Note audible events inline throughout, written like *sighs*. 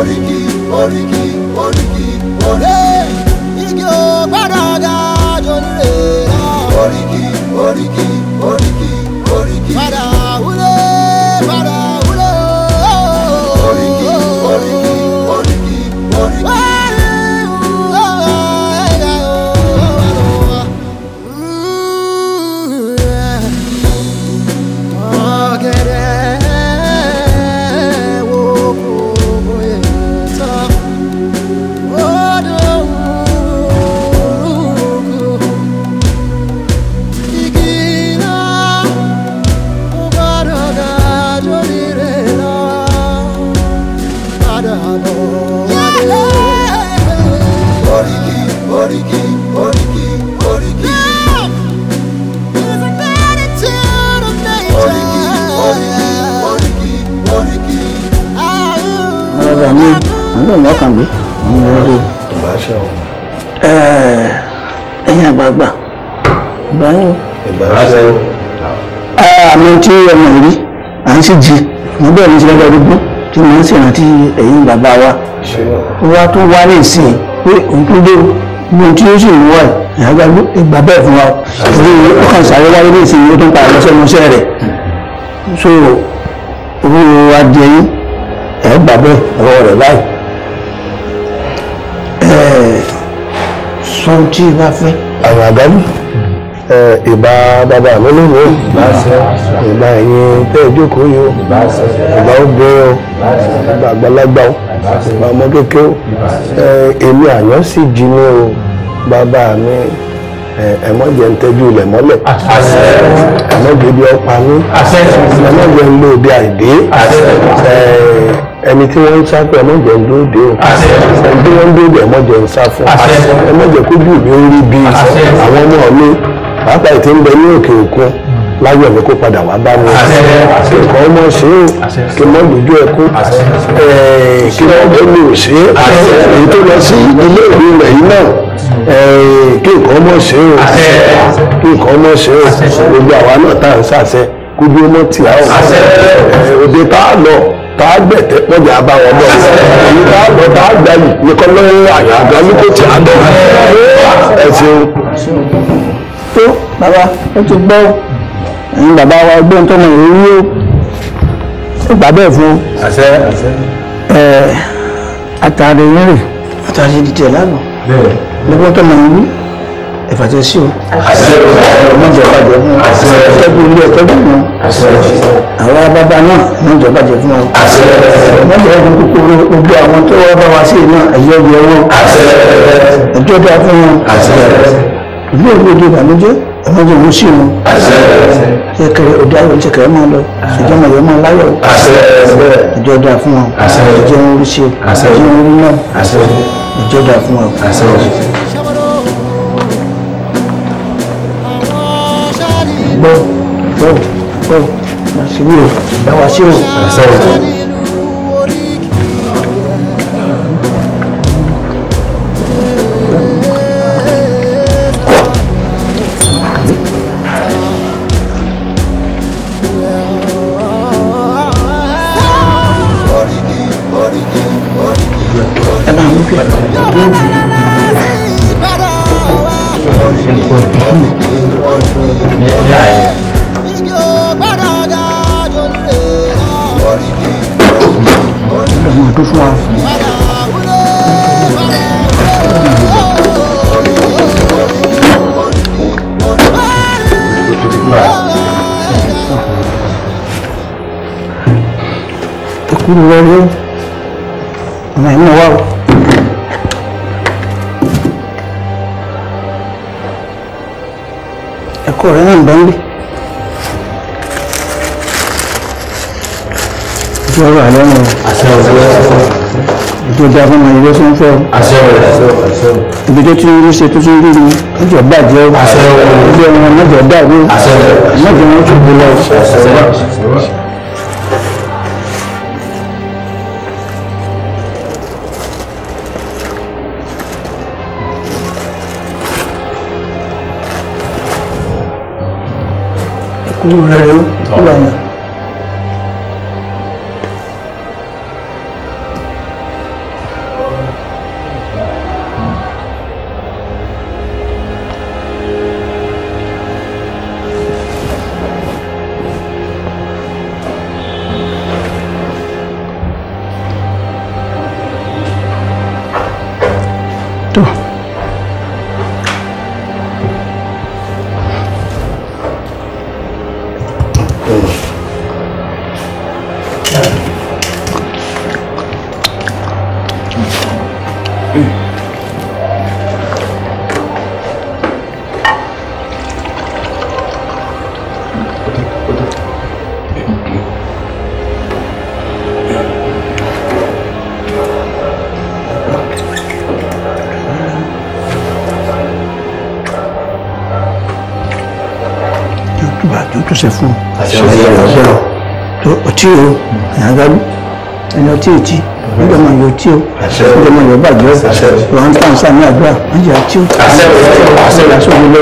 Origi, Origi, Origi, Origi. Hey, Iggy. síje mo bẹ́ẹ̀ ní ṣe lọ́jọ́ gbogbo tí mo ń ṣèrántí ẹ̀yìn bàbá wa ó wá tó wá ní ìsìn pé òun tó dé mo tí ó sì ń wá ìyàgbá ìgbà bẹ́ẹ̀ fún wa torí ó kàn sáré wáyé ní ìsìn yóò tó ń pa àlọ́sẹ́ mọ́ṣẹ́ rẹ̀ so owó adìẹ yín ẹ̀ gbà bẹ́ẹ̀ ọ̀rọ̀ rẹ̀ báyìí ẹ̀ sọ tí ì bá fẹ́. àwọn àgbálù ìbà bàbá mi lónìí ìbà ẹ̀yin tẹ́ ìjókòó yìí o ìbà obìnrin o ìbà àgbàlagbà o ìbà ọmọ kékeré o èmi àyàn sì jí ní o bàbá mi ẹ̀mọ́jẹ̀ ń tẹ́jú ilẹ̀ mọ́lẹ̀ ẹ̀mọ́jẹ̀ bí ọ̀pá ní ẹ̀mọ́jẹ̀ ń lò bí àìdé ẹni tí wọ́n ń sá pé ẹmọ́jẹ̀ ń dóde o ẹni tí wọ́n ń dóde ẹmọ́jẹ̀ ń sá fún ẹmọ́jẹ̀ kójú mi ń rí bí àwọn ọmọ mi pàápàá ìtì ń bẹ ní òkè òkun láyọ̀ mi kó padà wá bá mi nǹkan ọmọ ṣe é kí mọ́ lójú ẹkún kí wọ́n bẹ́ẹ̀ mi ò ṣe é èyí tó lọ sí ilé ìwé rẹ̀ yìí náà kí nǹkan ọmọ ṣe é kí nǹkan ọmọ ṣe é gbogbo àwa náà tá à ń ṣàṣẹ kójú ọmọ tì á ọ̀hún òde tá a lọ tá a gbẹ̀tẹ́ pọ̀jà bá wọn bọ̀ èyí tá a lọ tá a gbà yìí nìkan lọ́wọ́ àyàgbá lókè tí a lọ ẹ̀sìn tó bàbá ó ti gbọ́ ẹ̀yin bàbá wa ẹgbẹ́ ń tọ́mọ ìrírí ó ó gbà bẹ́ẹ̀ fún àṣẹ àṣẹ ẹ àtàrí yín rè àtàrí dídì ẹ̀ lánàá bẹ́ẹ̀ lọ́gbọ́n tọ́mọ ìrírí ẹ̀fà tí ó sí o àṣẹ ọmọ ìjọba jẹ fún ọ àṣẹ ẹgbẹ́ ilé ẹ̀kọ́ jẹ fún ọ àṣẹ àwọn bàbá náà ní ìjọba jẹ fún ọ àṣẹ ọmọ ìjọba jẹ kúkúrú gbogbo àwọn tó wá bá wa sí náà ẹ̀yọ́ ìyẹ́wò àṣẹ ẹjọ́ bá fún ọ àṣẹ ìlú òwe òde ìbànújẹ́ ọmọ yẹn ló sì mú. kẹkẹrẹ òde ayọ̀ ní kẹkẹrẹ máa lọ ṣèjọ ọmọ yẹn máa láyọ̀ ìjọ dáa fún wọn ìjọ wọn rí ṣe ìjọ wọn rí náà ìjọ dáa fún wọn. gbọ́ gbọ́ gbọ́ màṣíwò ìdáwàṣíwò. kú wẹ́rẹ́ ọmọ ẹ̀ náà wà ó. ẹ̀kọ́ rẹ̀ náà ń bẹ́ ń lé. ojú ọ̀rọ̀ àlẹ́ mi ojú ọjà fún mi ilé tó ń fẹ́ o ibi tó ti ń rí ṣe tó ti ń rí mi ojú ọ̀gbà jẹ́ o mẹ́jọ dàbí mẹ́jọ wọn tó gbé lọ. Não, não, não. tí ì tí nígbà máa yọ tí ó nígbà máa yọ bàjẹ́ wà ń tàn sáà ní àdúrà wọ́n yà tí ó nígbà tó ń lọ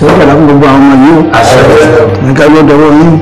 ìwọ́n padà fún gbogbo àwọn ọmọ yìí ó nígbà yóò dọwọ́ yín.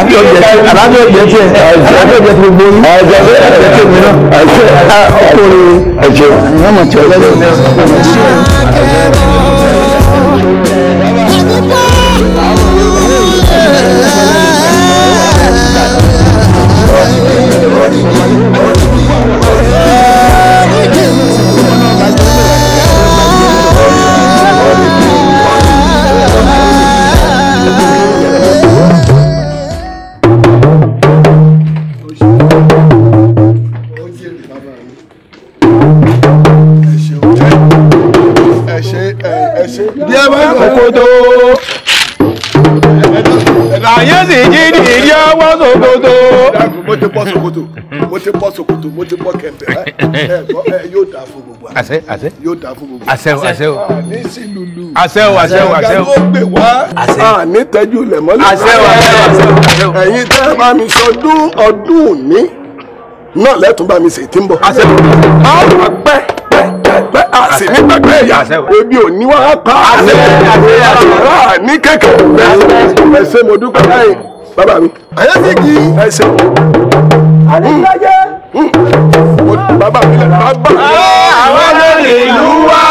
àbí ọ̀jẹ̀ tí àbí ọ̀jẹ̀ tí àbí ọ̀jẹ̀ tí gbogbo yín ọ̀jẹ̀ tí ọ̀jẹ̀ tí mi náà ọ̀jẹ̀ ọkùnrin ọ̀jẹ̀ ọ̀jẹ̀ tí ọ̀jẹ̀ tí ọ̀jẹ̀ tí ọ̀jẹ̀ tí ọ̀jẹ̀ tí ọ̀jẹ̀ tí ti bọ́ ṣòkòtò mo ti bọ́ kẹ̀mbẹ̀ yóò dà fún gbogbo àṣẹ àṣẹ yóò dà fún gbogbo àṣẹ o àṣẹ o ní sílùlù àṣẹ o àṣẹ o àṣẹ o àṣẹ wá àṣẹ ní tẹ́jú lẹ̀mọ́lẹ̀ àṣẹ o àṣẹ o àṣẹ o ẹ̀yin tẹ́ ẹ máa mi sọdún ọdún òní náà lẹ́tùn bá mi ṣe tí ń bọ̀ àṣẹ o àwọn pẹ́ pẹ́ àṣẹ ní pẹ́pẹ́ ẹ̀yà ebi ò ní wá pa àṣẹ àṣẹ ní kékeré ẹ̀ṣẹ̀ mo dúpẹ́ báyìí bàbá mi. àyẹ̀sí kì í ẹ̀ṣẹ̀ àdínáyé bàbá mi lẹ bàbá mi lẹ. àwọn olè ìlú wa.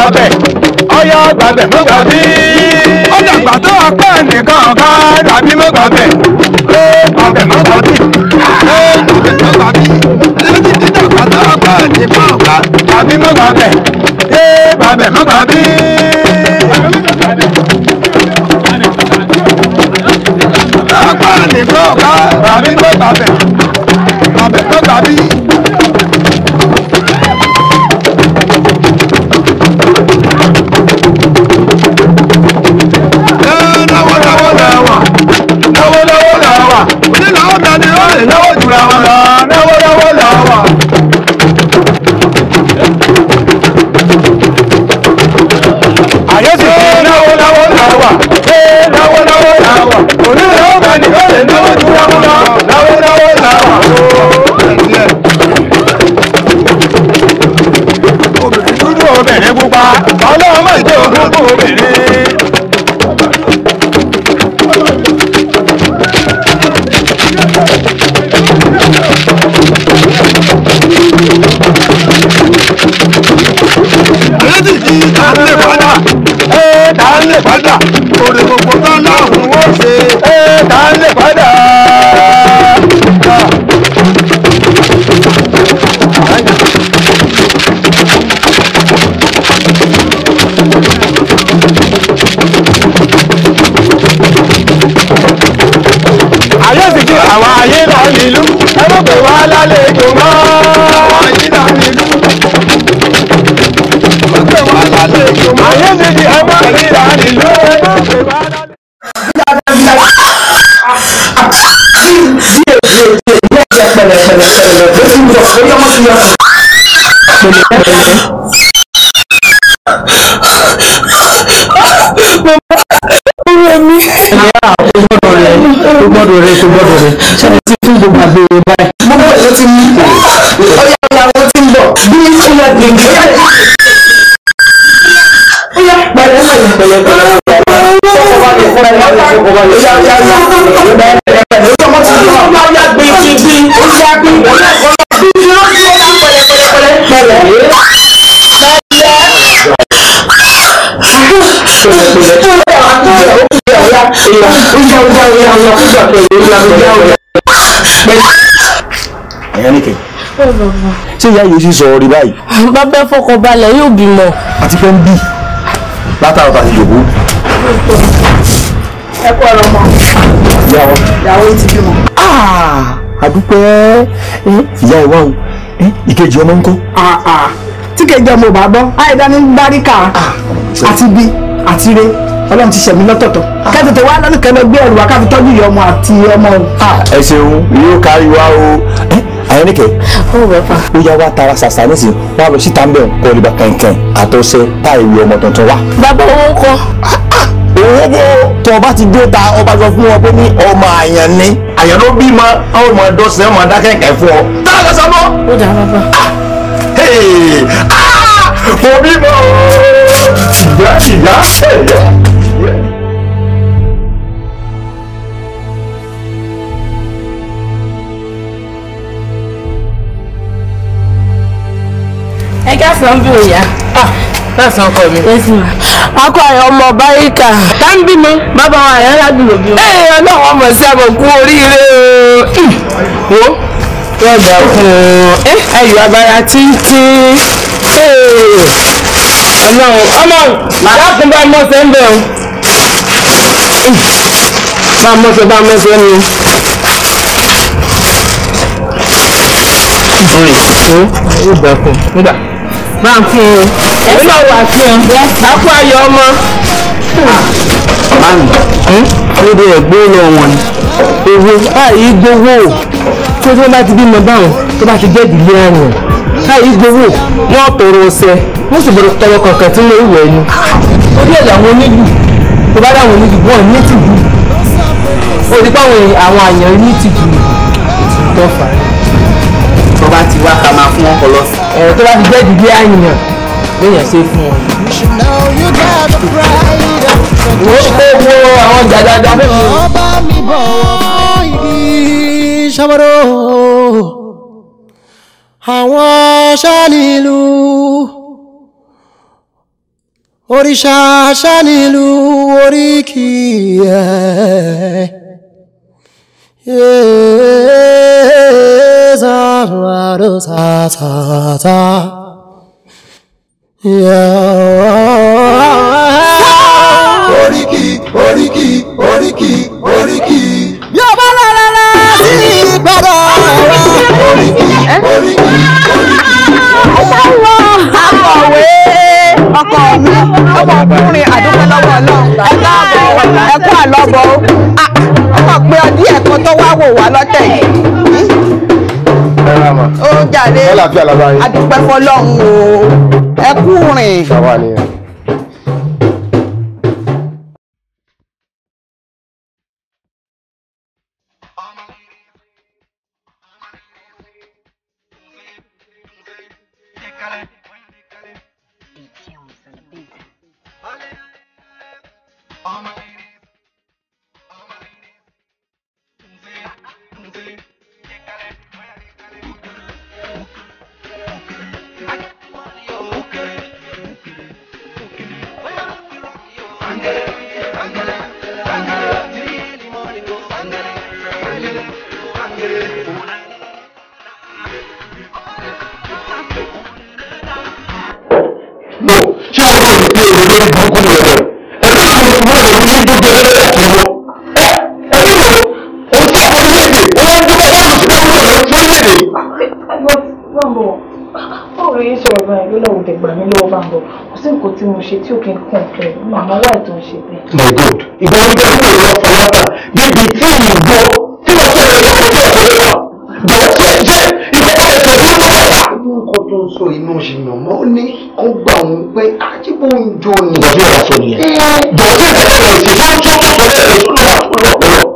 gbàbẹ̀ ọyọ gbàbẹ̀ mo gbàbí. ó dàgbà tó ọpẹ́ nìkan ká dàbí mo gbàbẹ̀ ó gbàbẹ̀ mo gbàbí. ó gbàbẹ̀ mo gbàbí lẹ́yìn tí dàgbà tó ọpẹ́ nìkan ká dàbí mo gbàbẹ̀ ó gbàbẹ̀ mo gbàbí. àwọn ayé náà nílùú ẹ mọ̀ pé wàá lálejò mọ́. àwọn ayé náà nílùú ẹ mọ̀ pé wàá lálejò mọ́. ayé mi ni ẹ mọ̀ pé wàá nílùú ẹ mọ̀ pé wàá lálejò. Mama, mama, mama kò gbọ́dọ̀ rẹ kò gbọ́dọ̀ rẹ ṣe ti fún gbogbo àgbèrè báyìí. gbogbo èso ti mú ọyà ìyàwó ti ń bọ̀ bí ọyà gbèngbè ọyà pẹ̀lẹ́ pẹ̀lẹ́ pẹ̀lẹ́ pẹ̀lẹ́ Yeah. ṣé ìyá yìí sì sọ̀rọ̀ rí báyìí. bàbá ẹ fọkàn balẹ̀ yóò bímọ. àti pé ń bì látàrọ tàbí jòkó. ẹ kú ọ̀rọ̀ mọ́. ìyàwó ìyàwó ti bímọ. àdúpẹ́ ah! ìyá ìwà o ìkejì ọmọ ńkọ́. Ah, ah. tí kejì ọmọ ò bá bọ́ àìdá ní báríkà àti bí àti re ọlọ́run ti ṣẹ̀mí lọ́tọ̀ọ̀tọ̀ kẹ́tẹ̀tẹ̀ wá lọ́nà kẹ́lẹ́ gbé ẹrù wa ká fi tọ́jú ìyá ọmọ àti ọmọ o. ẹ ṣeun yóò kárí wa o àwọn oníkẹ́ ó yá wá tara ṣàṣà nísìnyí wọn á lọ síta ń bẹ̀ ìbá kẹ̀kẹ́ àtọ́sẹ́ tá ọmọ tuntun wá. bàbá owó kọ. owó bó tó ọba ti dé ta ọba sọ fún wọn pé ní ọmọ àyàn ni àyàn ló bí ma ọmọ dọ́sẹ̀ ọmọ adákẹ́kẹ́ fún ọ. tá sọ mọ́. ó dà bàbá. Ah! Ah! mo bímọ ìyá ìyá ẹ̀yà. kásán bí òyà. kásán ọkọ mi. akọ àyọ ọmọ báyìíkà. tá ń bímọ bàbá wa àyọ ládùn lòbí. ẹ ẹ ọlọ́run ọmọ sí àbọ̀ kú oríire o. Hmm. wo wọ́n dà eh, eh. kún un ẹ ayọ̀ abara títí. ọlọ́run ọlọ́run dákun bá mọ́sẹ̀ ń bẹ̀ o. Hmm. bá mọ́sẹ̀ bá mọ́sẹ̀ ni. Hmm. ó dà kún un ó dà bá ń fún un ẹ lọ wà fún un bá fún ayọ̀ ọmọ. báyìí hmm? níbi ẹ̀gbọ́n ilé wọn ni owó báyìí gbowó tó tó bá ti bímọ báwọn tó bá ti jẹ́ ìdílé ẹ̀wọ̀n báyìí gbowó wọn tọrọ ọsẹ wọn sì gbọ́dọ̀ tọrọ kankan tí wọn wẹ̀ ni. ó dé ẹ̀dá àwọn onílù tó bá dáwọn onílù wọn ní tìjú ó rí pé àwọn àyàn ní tìjú tó fà á. tó bá ti wá ká máa fún ọkọ lọ́sàn ẹ̀ tó bá ti jẹ́ ìdílé àyìnà lèèyàn ṣe fún wọn. ìwé gbogbo àwọn jàdàdà. ọba mi bọ̀ wọ́n ibi ṣàbọ̀dọ̀ àwọn ṣáàlìlú òrìṣà ṣáàlìlú orí 대사로 사사사 oríkì oríkì oríkì oríkì. bí o bá lọ lọ́la sí ìgbọ́dọ̀ ẹ̀rọ. oríkì oríkì oríkì. akọ̀wé ọkọ mi ọmọkùnrin àdúgbò lọ́wọ́ ọlọ́run ẹ káàbọ̀ ẹ kú àlọ́bọ̀ ọdí ẹ̀kan tó wá wò wá lọ́tẹ̀ yìí jàre adúpẹ́ fọlọ́run o ẹ kú rìn mo ṣe tí ó kí n complain màmá wà ètò ń ṣe bẹ́ẹ̀. my god ìgbà wo ni wọn lọ fọ yàtà níbi tí ìgbó tí wọn fẹ́ lọ sí ọ̀rẹ́ náà bọ̀ tí ẹ jẹ́ ìgbà tó lè tẹ̀lé ọmọ yàtà. inú nǹkan tó ń sọ iná ṣì yàn mọ́ ó ní kó gbà òun pé àjíbó ń jó ni. ìgbà tó yà sọ nìyẹn. bọ̀ tí ẹ bá lè tẹ̀lé ọjọ́ tó sọ bẹ́ẹ̀ lè tún lọ́wọ́ àpò lọ́pọ̀lọpọ̀.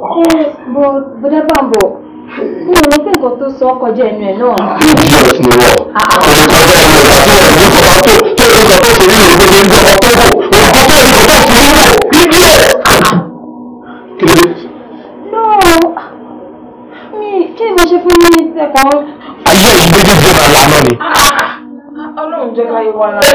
one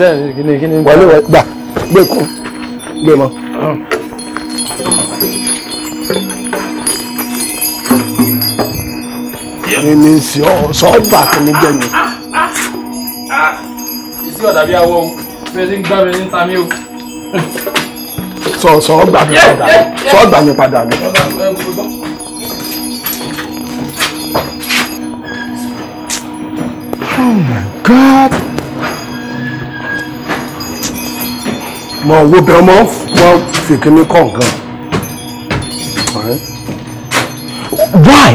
sẹ́yìn kíni kíni. wọlé wọlé gbà gbé kún gbé mọ. ní sí ọ sọ́ọ̀bà tó ní jẹ́ mi. ìsí ọ̀dà bíi awọ fẹ́ẹ́ ti ń gbá mi ní ta mi o. sọ sọ ọgbà mi padà sọ ọgbà mi padà mi. mọ owó bẹ ọmọ wọn fi kọ̀ọ̀kan. why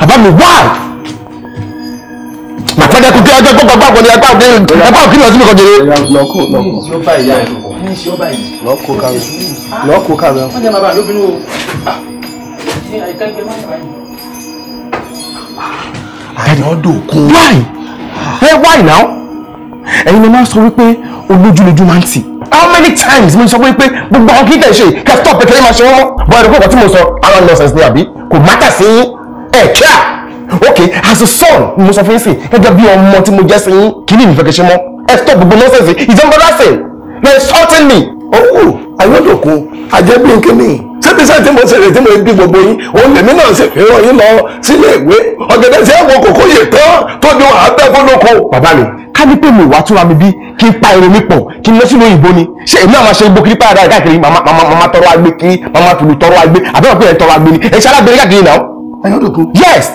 bàbá mi why màtẹ́dẹ́ kú kí ọjọ́ gbọ́gbọ́ gbàgbọ́ ni ẹgbà òde ẹgbà òkìlọ̀ sí mi kọjá. lọ́kù lọ́kù lọ́kù kàwé kàwé. wọ́n jẹ́ bàbá why ẹ why now ẹ̀yin ló máa ń sọ wípé olójúlójú máa ń tì how many times mo sọ pé pé gbogbo àwọn kíkẹ́ ṣe kẹ́ stop pé kẹ́lẹ́ máa ṣe wọ́n bọ́ ẹ̀rọ kọ̀ọ̀kan tí mo sọ àwọn nonsense ni àbí kò mátà sí ẹ̀ kíá ok as a son mo sọ fún yín sí gẹ́gẹ́ bí ọmọ tí mo jẹ́ sí yín kí ni ìfẹ́ kẹ́ ṣe mọ́ ẹ stop gbogbo nonsense ìjọba rásìn they insulting me. owó àyọ̀dọ̀kun àjẹbí nkíní síbi iṣẹ́ tí mo ṣe rèé tí mo bí gbogbo yín òun lèmi náà ṣe fi ràn yín lọ sílé ìwé ọ̀gẹ̀dẹ̀ ṣe é wo kòkó yè tán tó ní wàá bẹ́ fọlọ́kọ. bàbá mi ká ní pé mi wàá túra mi bí kí n pa irun mi pọ̀ kí n lọ sínú ìbò ni ṣé èmi náà máa ṣe igbó kiri páradà káàkiri màmá tọrọ agbé kiri màmá tùlù tọrọ agbé àbẹ́wò pé ẹ̀ tọrọ agbé ni ẹ̀ ṣe alágbèrè káàkiri náà. ẹ̀yọ́ dògún. yes.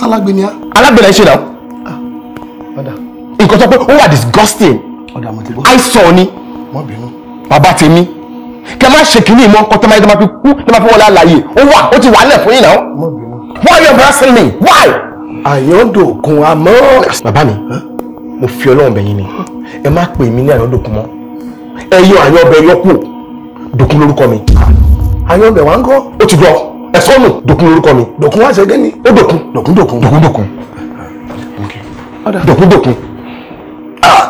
sálágbé ni a. alágbèrè ṣe náà. Ah, nǹkan tó pé ó wà disgusting. ọ̀dà mo ti bọ́. àìsàn ni. mọ̀ bínú kẹ má ṣe kínní mọ kọtẹ máa yẹ tẹmá fi kú tẹmá fi wọlé àlàyé ó wà ó ti wà lẹ fún yín náà. why you embarrassing me why. àyọ̀dòkun àmọ́. bàbá mi mo fi ọlọ́run bẹ̀yìn ni ẹ má pè mí ní àyọ̀dòkun mọ́ ẹ yọ àyọ̀bẹ yọkù dòkun lórúkọ mi. àyọ̀bẹ wa ń kọ́. ó ti gbọ́ ẹ sọ́nù dòkun lórúkọ mi. dòkun wá ṣe gẹ́ni. ó dòkun dòkun dòkun dòkun dòkun dòkun dòkun. Ah!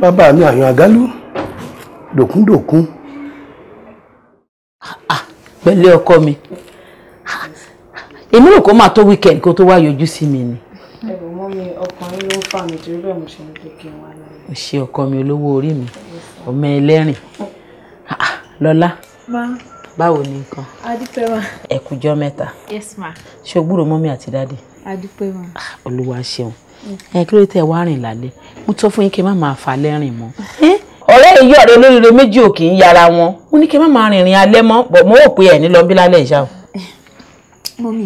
bàbá mi àyàn àgálù dòkun dòkun pẹ̀lú ọkọ mi èmi rò kó máa tó weekend kó tó wá yọjú sí mi ni. ẹ̀bùn mi ọkùnrin ló ń fà mí torí bẹ́ẹ̀ mo ṣe ń pè kí n o ṣe ọkọ mi olówó orí mi ọmọ ẹlẹ́rìn lọ́lá báwo ni nǹkan. adúpẹ́ wa. ẹ mẹ́ta. yes ma. ṣé o gbúròó mọ́mí àti dáàdì. adúpẹ́ wa. olúwa ṣeun ẹ kí ló tẹ wá rìn lálẹ́ mo tọ́ fún yín kí n má máa fà lẹ́rìn mọ́ ọ̀rẹ́ yìí ọ̀rẹ́ olóríire méjì ò kì í yára wọn mo ní kí ẹ má máa rìnrìn alẹ́ mọ́ bọ̀ mo rò pé ẹ̀ ní lọ bí lálẹ́ ìṣá o. mọ́mí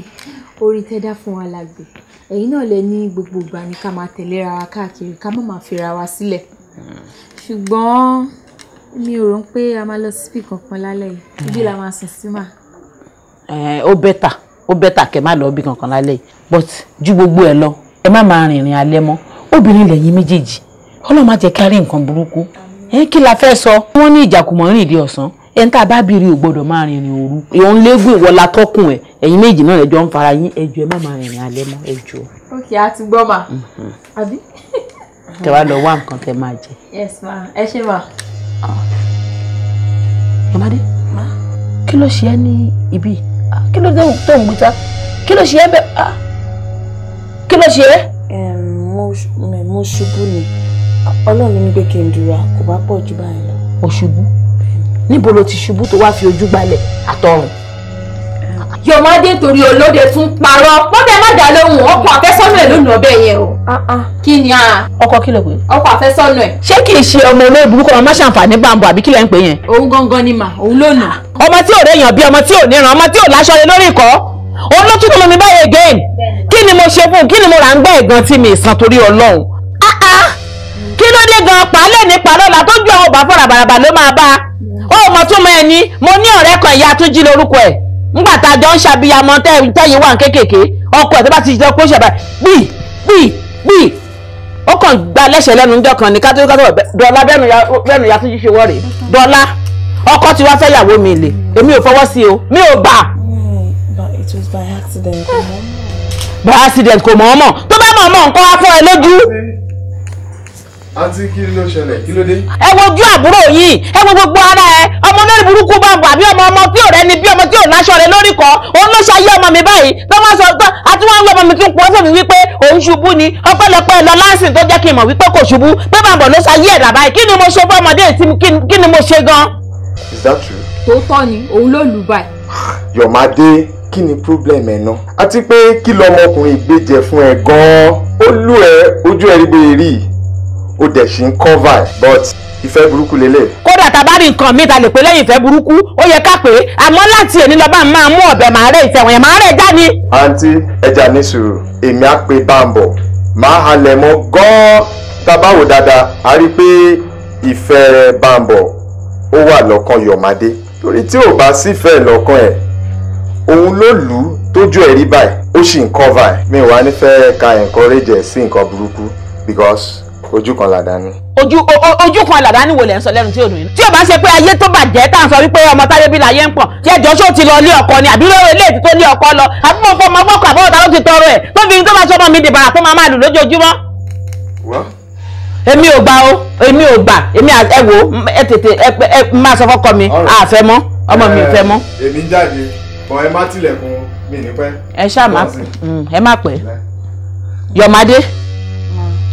orí tẹ́dá fún wa la gbé ẹ̀yin náà lẹ ní gbogbo ìgbà ni ká máa tẹ̀lé ra wa káàkiri ká má máa fira wa sílẹ̀ ṣùgbọ́n mi ò rò pé a máa lọ síbì kankan lálẹ́ yìí ibi la máa sùn sí mà. ó bẹ́tà ó bẹ́tà kẹ́ má lọ bí kankan lálẹ́ yìí but ju gbogbo ẹ lọ ẹ má máa rìnrìn alẹ́ mọ́ obìnrin lẹ́yìn méjèèjì ọlọ́run má jẹ́ kárí nǹkan burúkú ẹ kí la fẹ́ sọ wọ́n ní ìjàkùmọ̀ rìn ìdí ọ̀sán ẹ ń tà bá bìrì ò gbọ́dọ̀ máa rìn ìrìn òru ìhun léegun ìwọ la tọkùn ẹ ẹ̀yin méjì náà ẹjọ ń fara yín ẹjọ ẹ má máa rìnrìn alẹ́ mọ́ ẹjọ. ok a ti gbọ́ ma mhm. àbí. tẹ wá lọ wá nǹkan tẹ máa jẹ. yes ma ẹ ṣe ah. ma. yamade kí ló ṣe ẹ́ ní ibi ah, kí ló tó ń gbé ta kí ló ṣe ẹ́ bẹ́ẹ̀ ah. kí ló ṣe ẹ́. mo ṣubú ni ọlọ́run ní gbé kí n dúra kò bá pọ̀ jù báyìí lọ. òṣùbù níbo ló ti ṣubú tó wá fi ojú gbalẹ̀ àtọrùn. yọmọdé torí olóde tún parọ́ bọ́dẹ má dá lóhùn ọkọ àfẹ́sọ́nà ẹ̀ lónìí ọbẹ̀ yẹn o. Ah, ah. kí ni a. ọkọ kí ló pé. ọkọ àfẹ́sọ́nà ẹ̀. ṣé kì í ṣe ọmọ olóyè burúkú ọmọ ṣàǹfààní bàǹbọ̀ àbí kí lẹ́ ń pè yẹn. òun gangan ni mà òun ló nà. ọmọ tí ò réyàn bí ọmọ tí ò níran ọmọ tí ò láṣọ lé lórí ìkọ́ òun ló tún tó lómi báyìí again kí ni mo ṣe fún kí ni mo rà ń gbẹ́ ẹ̀gàn tí mi ìsan torí ọlọ́run. Ah, kí ló dé gan pàálẹ̀ ní pàlọ́là tó ju àwọn òbáfọ̀rà bàràbà ló máa bá ó mọ tún mọ ẹni mo ní ọ̀rẹ́ kan ìyá tó jí lórúkọ ẹ̀ ńgbà tá a jọ ń ṣàbíyamọ tẹ́yìn wà kékèké ọkọ ẹ̀ tó bá ti jẹ́ kó ṣàbà bíi bíi bíi ó kàn gba lẹ́sẹ̀ lẹ́nu ńjọ́ kan ní kátó kátó dọ́là bẹ́ẹ̀nu ya tó ṣe wọ́ọ̀rì dọ́là ọkọ ti wá fẹ́yàwó mi lè èmi ò fọwọ́ sí o mi ò gbà. it was by accident kò mọ̀ ọ́mọ̀. by accident kò mọ̀ ọ́mọ̀ tó bá mọ̀ ọ́mọ̀ nǹkan á fọ́ ẹ lójú àǹtí kí ló ṣẹlẹ̀ kí ló dé. ẹ wojú àbúrò yìí ẹ wo gbogbo ara ẹ ọmọ mẹ́rin burúkú bá ń bọ ọmọ ọmọ tí ò rẹni bí ọmọ tí ò láṣọ rẹ lórí kọ òun ló ṣayé ọmọ mi báyìí tó máa sọ tó àti wọn ń lọ ọmọ mi tún pọ sómi wípé òun ṣubú ni ọpẹ́lọpẹ́ lọ láǹsìn tó jẹ́ kí n mọ̀ wípé kò ṣubú pé bàbá ló ṣayé ẹ dàbáyé kí ni mo ṣe fún ọmọdé tí kí ni mo ṣe gan. is that true. tòótọ́ ni òun ló lù báyìí. *sighs* problem ẹ̀ náà àti pé kí lọmọkùnrin gbé jẹ fún ẹ gan-an ó dẹ̀ ṣì ń cover but ìfẹ́ burúkú lélẹ̀. kódà tá a bá rí nǹkan mi ta lè pé lẹ́yìn ìfẹ́ burúkú ó yẹ ká pé àmọ́ láti èní lọ́ba máa mú ọ̀bẹ màá rẹ̀ ìfẹ́ wọ̀nyẹn màá rẹ̀ já ni. àǹtí ẹja ní sùúrù èmi á pe báńbọ̀ máa halẹ̀ mọ́ gan-an tá a a rí i pé ìfẹ́ báńbọ̀ ó wà lọ́kàn yọ̀mádé torí tí ò bá sífẹ̀ẹ́ lọ́kàn ẹ̀ òun ló lù ú tójú ẹ̀ báyìí ó sì ń cover ẹ̀ mi wà nífẹ̀ẹ́ ka encourage ẹ̀ sí nǹkan burúkú because ojú kan làdá ni. ojú ojú kan làdá ni wo lẹ ń sọ lẹ́nu tí òdùn yìí. tí o bá ṣe pé ayé tó bàjẹ́ tá à ń sọ wípé ọmọ táyé bí láyé ń pọ̀ jẹjọ́ ṣó ti lọ ilé ọkọ ni àbí lóore ilé ètò ilé ọkọ lọ àbí mo fọ ọmọ gbọ́kọ̀ àbọ̀wọ̀ ta ló ti tọrọ ẹ̀ tó fi tó bá sọ ọmọ mi dìbàrà tó máa máa lù lójoojúmọ́. èmi ò gbà o èmi ò gbà èmi ẹ wò ẹ tètè ẹ máa sọ fọ́kọ mi àfẹ́ mọ́ ọmọ mi fẹ́ mọ́. Eh, èmi jáde bọ̀ ẹ má tilẹ̀kùn mi ní pẹ́. ẹ ṣáà má mm, ẹ má pẹ́ yọ̀mádé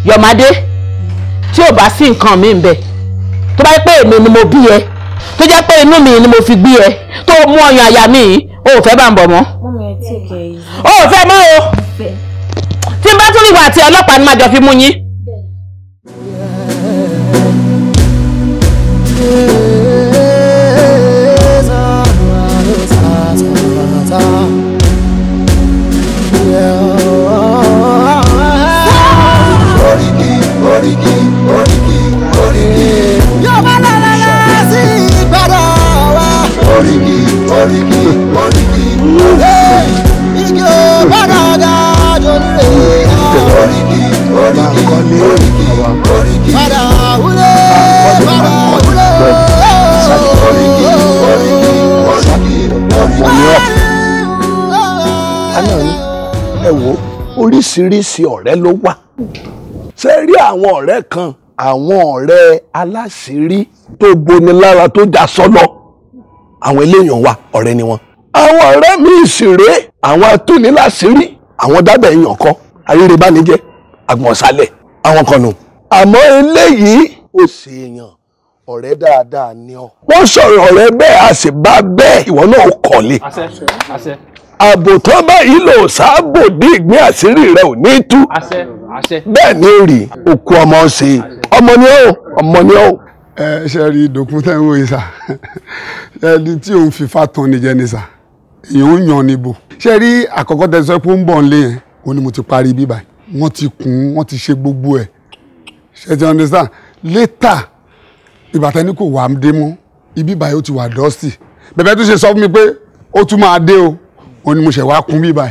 yọ̀mádé tí ò bá sí nǹkan mi ń bẹ tó bá yẹ pé èmi ni mo bí ẹ tó jẹ́ pé inú mi ni mo fi gbé ẹ tó mú ọyàn àyà mi yìí o ò fẹ́ bá ń bọ̀ mọ́. o ò fẹ́ o tí n bá tún ìwà àti ọlọ́pàá ni màá jọ fi mú yín. oríkì oríkì ìgò bàdàgà jòlè oríkì oríkì oríkì oríkì padà wúlé padà wúlé oríkì oríkì oríkì oríkì. anáà ẹ wo oríṣiríṣi ọ̀rẹ́ ló wà ṣe rí àwọn ọ̀rẹ́ kan àwọn ọ̀rẹ́ aláṣírí tó boni lára tó dá sọ́nà. So àwọn eléyàn wa ọ̀rẹ́ ni wọn. àwọn ọ̀rẹ́ mi ìṣeré àwọn atúniláṣírí àwọn dábẹ̀ èèyàn kan ayérébánijẹ́ àgbọ̀nsálẹ̀ àwọn kan nù. àmọ́ eléyìí ó ṣe èèyàn ọ̀rẹ́ dáadáa ni ọ. wọ́n sọ̀rọ̀ ọ̀rẹ́ bẹ́ẹ̀ a sì bá bẹ́ẹ̀ ìwọ náà kọ̀lé. àṣẹ àṣẹ. ààbò tán báyìí lò sáàbò dí ìgbín àṣírí rẹ ò ní tú. àṣẹ àṣẹ. bẹ́ẹ̀ ni ó rí òkú ọmọ ṣe ọmọ ni ó ọmọ ni ó ẹ ṣe rí ìdòkun tẹ́ ń wòye sà ẹni tí òun fi fa tán ni jẹ́ ni sà èèyàn yàn níbo ṣe rí àkọ́kọ́ tẹ pé ó ń bọ̀ nílé yẹn òun ni mo ti parí bíbá wọ́n ti kùn wọ́n ti ṣe gbogbo ẹ̀ ṣe ti understand later ìbàtà ni kò wà á dé mọ́ ibi báyìí ó ti wà dọ́sì bẹ̀bẹ̀ tó ṣe sọ fún mi pé ó tún máa dé o òun ni mo ṣẹ̀ wá kùn bíbá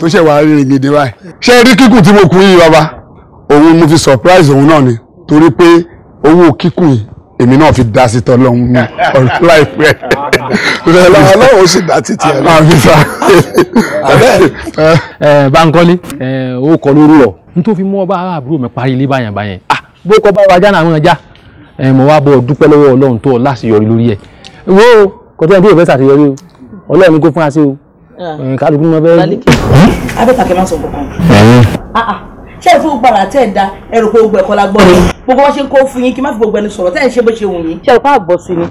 tó ṣẹ̀ wá rìnrìn gidi báyìí ṣe rí kíkùn tí mo kùn yìí bàbá òun mo fi surprise òun náà ni torí pé owó yìí èmi náà fi dá sí tọ́lọ́hún ní ọ̀rọ̀ láìpẹ́. ọlọ́run ó sì dá títí ẹ̀ lọ. Bánkọ́lé ó kọ lóru rọ̀ n tó fi mú ọba àbúrò mi parí ilé báyẹn báyẹn ah, bó kọ́ bá wàjà náà àwọn ọjà mo wá bọ̀ dúpẹ́ lọ́wọ́ ọlọ́run tó láṣeyọrí lórí ẹ̀ wo kọjá ìdí ìfẹ́ ṣàṣeyọrí o ọlọ́run ní kó fún wa sí o ah. kálukú ni wọ́n fẹ́. Hmm? abẹ́tàkẹ́ máa sọ bọ̀ ṣé ìfún gbogbo àlá da ẹrù pé gbogbo la gbọ́ ni gbogbo wọn ṣe ń kó fún yín kí n má fi gbogbo ẹni sọ̀rọ̀ tẹ̀ ń ṣe bó ṣe wù yín. ṣe ìpá àgbọ̀ sí ni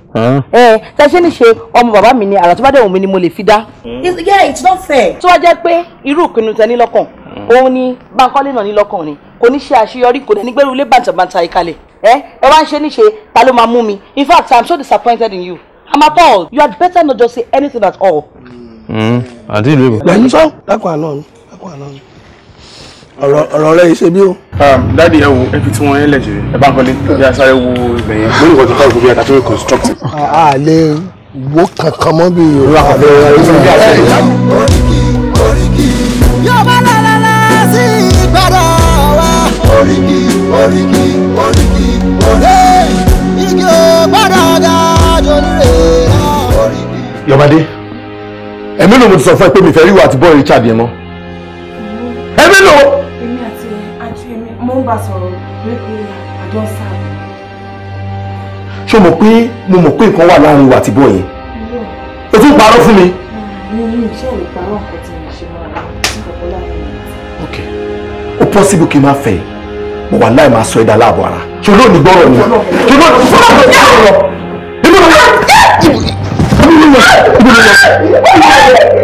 ẹ tẹ ṣe ní ṣe ọmọ bàbá mi ni àrà tó bá dẹ̀ wù mí ni mo lè fi dá. yeah it's not fair. tó wá jẹ́ pé irú ìpinnu tẹ ní lọ́kàn òun ni Bánkọ́lé náà ní lọ́kàn ni kò ní ṣe àṣeyọrí kò ní gbẹ́rù ilé bàǹtàbàǹtà ìkalẹ̀ in fact i'm so disappointed in you i'm appalled you had better not just say anything at all. àǹtí ìlú ìbò. lẹ́yìn sọ lákùn àná mi ọ̀rọ̀ rẹ̀ ṣe bí o. Um, dáàdi ẹ wo ẹ fi tí wọn yẹn lẹ ṣe ẹ bá ń kọ́lé bí a sáré wo ibẹ̀ yẹn. lórí ìwọ̀n tó kọ́ ìgbóbi àtàkùn constructive. a lè wo kankan mọ́ bí ìrora àbẹ̀ oríkì oríkì. yóò bá lálálá sí ìgbàdàn wa. oríkì oríkì oríkì oríkì. igi ò gbọ́dọ̀ ga jòlú rẹ̀. Yọ̀bádé ẹ̀mí mo ti sọ fún ẹ pé mi fẹ́ rí ìwà àti bọ́ọ̀lù Richard yẹn mọ́ ẹ mélòó. èmi àti àti èmi mo ń bá sọ̀rọ̀ wípé àjọ ń sáré. ṣé o mọ̀ pé mo mọ̀ pé nǹkan wà láàrin wa àti bọ́ yẹn o tún parọ́ fún mi. mi ò ṣe ìparọ́ nǹkan tí mo ṣe máa rà sí kọ̀ọ̀kan láàrin mi. ok ó pọ́sibú kí n máa fẹ̀ mo wà láì máa sọ ẹ̀dá láàbọ̀ ara ṣe ló ní gbọ́rọ̀ ni ṣe ló ní gbọ́rọ̀ ni ṣe lọ. ibi ló lọ ibi ló lọ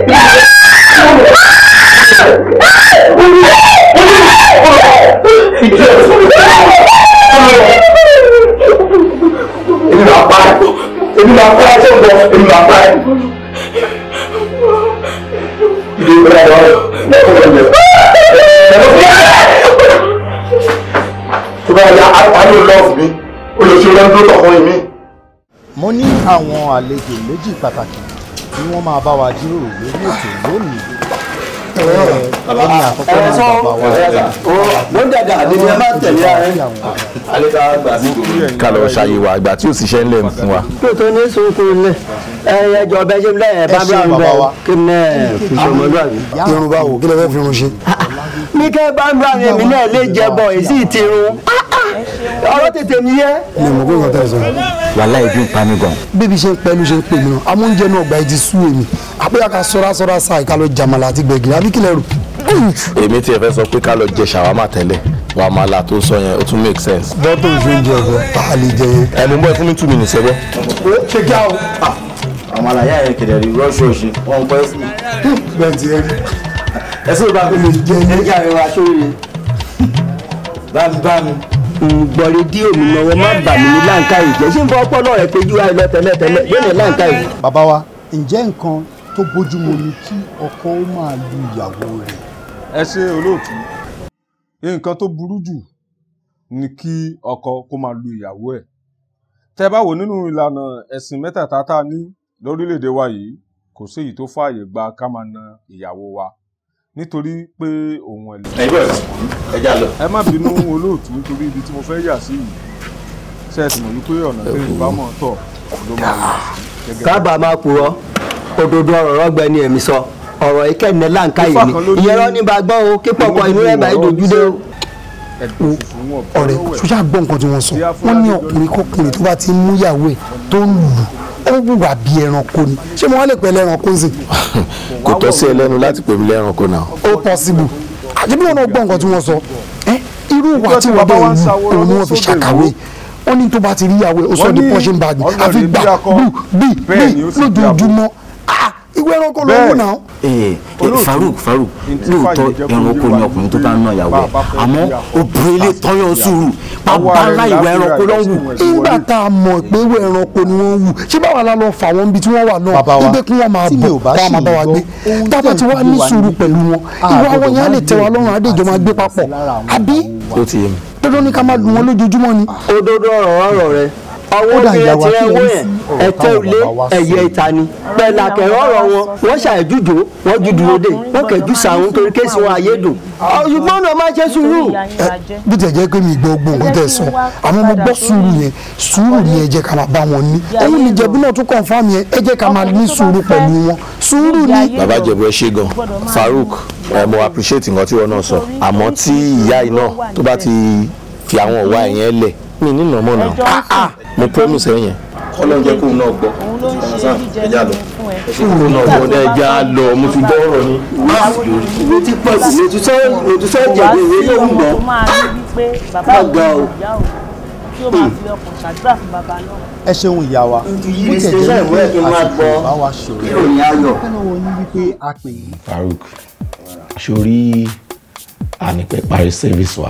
ibi ló lọ èmi máa pa ẹ́ èmi máa pa ẹ́ tó ń bọ̀ èmi máa pa ẹ́. ìdè ìgbéra ẹ̀ lọ́wọ́ ẹ̀rọ fi ẹ̀ tó bá yà á ní lọ́ọ̀fù mi olùsọ̀rọ̀ ń dúró tọkùnrin mi. mo ní àwọn àlejò méjì pàtàkì tí wọ́n máa bá wa jíròrò lórí ètò lónìí kálọ̀ ṣàyè wa àgbà tí ò sì ṣe ń lẹ̀ ń fún wa. kí o tó ní sunkún lẹ̀ ẹ jọ bẹ ṣe bẹ bá bí àwọn bẹ kí ni ẹ fi ṣe ọmọlúwàbí. irun báwo kí lè fẹ́ fi irun ṣe. ní kẹ́ bá ń bá mi náà lè jẹ bọ̀ èsì ìtirun ọ̀rọ̀ tètè nìyẹn. ní mo kó nǹkan tẹ̀ sọ. wàhálà ìbí ń pa mí gan. bébí ṣe ń pẹ́ ló ṣe ń pè mí náà amóúnjẹ náà gba ìdí sú èmi àpéyà ká sọ́ra sọ́ra sa ìkálọ̀ jàmàlà àti gbẹ̀gìrì àbí kílẹ̀ rò. èmi tí ẹ fẹ́ sọ pé ká lọ jẹ ṣàwámà tẹ́lẹ̀ wà máa la tó sọ yẹn ó tún make sense. bọ́tò ìṣoúnjẹ ọ̀gọ́ tá a lè jẹ yẹn. ẹnu bọ́ ẹ fún mi two minutes ẹgbẹ́. ṣe kí a o. àwọn àlàyé àyẹ̀ kẹ̀dẹ̀ rí rọ́ṣọ̀ ṣe wọ́n pẹ́ sí mi. bẹ́ẹ̀ ẹ rí. ẹ̀sùn ìbámu lè jẹ́ ẹ̀yà ẹ̀wà sórí. bámi bámi. Mm, gbọ́ rédíò mi lọ́wọ́ má bà mí ní láǹkà yìí jẹ́ ṣé n fọ ọpọlọ rẹ pé ui lọ tẹ́lẹ̀ tẹ́lẹ̀ yóò ní láǹkà yìí. bàbá wa ǹjẹ́ nǹkan tó bójúmu ni kí ọkọ ó máa lu ìyàwó rẹ̀. ẹ ṣe olóòtú nǹkan tó burú jù ni kí ọkọ kó máa lu ìyàwó ẹ̀ tẹ bá wò nínú ìlànà ẹ̀sìn mẹ́tẹ̀ẹ̀ta ní lórílẹ̀‐èdè wa yìí kò séyìí tó fààyè gba ká máa na ìyàwó wa nítorí pé òun ẹ̀ lè. ẹ̀yìn bẹ́ẹ̀ ẹja lọ. ẹ má bínú olóòtú nítorí ibi tí mo fẹ́ yà sí yìí ṣe é ti mọ̀ wípé ọ̀nà tí ìbámọ̀ tọ̀ ló máa yà sí. kábàá máa purọ́ òdodo ọ̀rọ̀ rọ́gbẹ́ ni èmi sọ ọ̀rọ̀ ìkẹ́ni láǹkà yìí ni ìyẹn rọ́ ní bá gbọ́ o kí pọ̀pọ̀ inú rẹ̀ bá yìí dojú dé o. ọ̀rẹ́ sọ́jà gbọ́ nǹkan tí wọ́n sọ wọ́n ní ọkùnrin kọkùnrin tó bá ti ń múyàwó ẹ̀ tó ń lù ó wùwà bí ẹranko ni ṣé mo wá lè pè lẹ́ranko ń sìn. kò tọ́ sí ẹ lẹ́nu láti pè mí lẹ́ranko náà. ó possible àti bí wọn náà gbọ́ nǹkan tí wọ́n sọ irú ìwà tí wọ́n bá wù òun ni wọ́n fi ṣàkàwé ó ní tó bá ti rí ìyàwó ẹ̀ ó sọ di punching bag àfi gbà bí bí lójoojúmọ́ ah ìwé ẹranko ló wù náà. Eh, eh, Farouk Farouk lóòótọ́ ẹranko ni ọkùnrin tó bá ń ná ìyàwó ẹ̀ àmọ́ obìnrin lè tọ́yọ̀ sùúrù pàápàá ìwé ẹranko ló wù. nígbà tá a mọ̀ pé ìwé ẹranko ni wọ́n wù ṣé báwa la lọ fà wọ́n bí tí wọ́n wà náà wípé kí wọ́n máa bọ̀ ká máa bá wa gbé tábà tí wọ́n á ní sùúrù pẹ̀lú wọn ìwà wọn yẹn á lè tẹ̀ wá lọ́rùn àdéjọ́ máa gbé papọ̀ àbí dandan ni ká máa lù wọn lójoojúmọ́ ni. òdodo ọ̀rọ̀ ọ̀rọ̀ rẹ owó ni ẹ ti ẹwọ yẹn ẹtẹ olé ẹyẹ ìta ni pẹ̀lú àkẹrọ ọ̀rọ̀ wọn wọ́n ṣàìjújò wọ́n ju dúró dé wọ́n kẹjú sàrún torí kéésì wọn ayé dùn ọyùgbọ́n náà má ṣe sùúrù. bí tẹ̀ jẹ́ pé mi gbọ́ gbọ́ òun tẹ̀ sàn àmọ́ mo gbọ́ sùúrù yẹn sùúrù ni ẹ jẹ́ ká máa bá wọn ní ẹ̀yin ni jẹ̀bú náà tún kọ̀ǹfàm yẹn ẹ jẹ́ ká máa ní sùúrù pẹ̀lú wọn sùúrù ni. bàbá jẹ̀bú ẹ ṣe gan Farouk ẹ mo appreciate nǹkan tí wọn náà sọ àmọ́ tí ìyá iná tó bá ti fi àwọn ọ̀wá ẹ̀yẹn lẹ̀ mi ní nà ọmọ náà ah, ah, mo promise ẹ yẹn. kọ́lọ́ jẹ́ kóun náà gbọ́ ẹja lọ kóun náà gbọ́ ọdẹ ẹja lọ mo fi gbọ́ ọ̀rọ̀ ni. ìwé ti pọ̀ sí òtútọ́ òtútọ́ jẹ̀bi ìwé yóò ń gbọ́ má ga o. ẹ ṣeun ìyá wa mo tẹ̀ jẹ́ ìwé àsìkò àwa ṣòro ìròyìn ayọ̀. kí ló wọ ní wípé a pè é. Farouk sori ànípẹ̀ parí service wa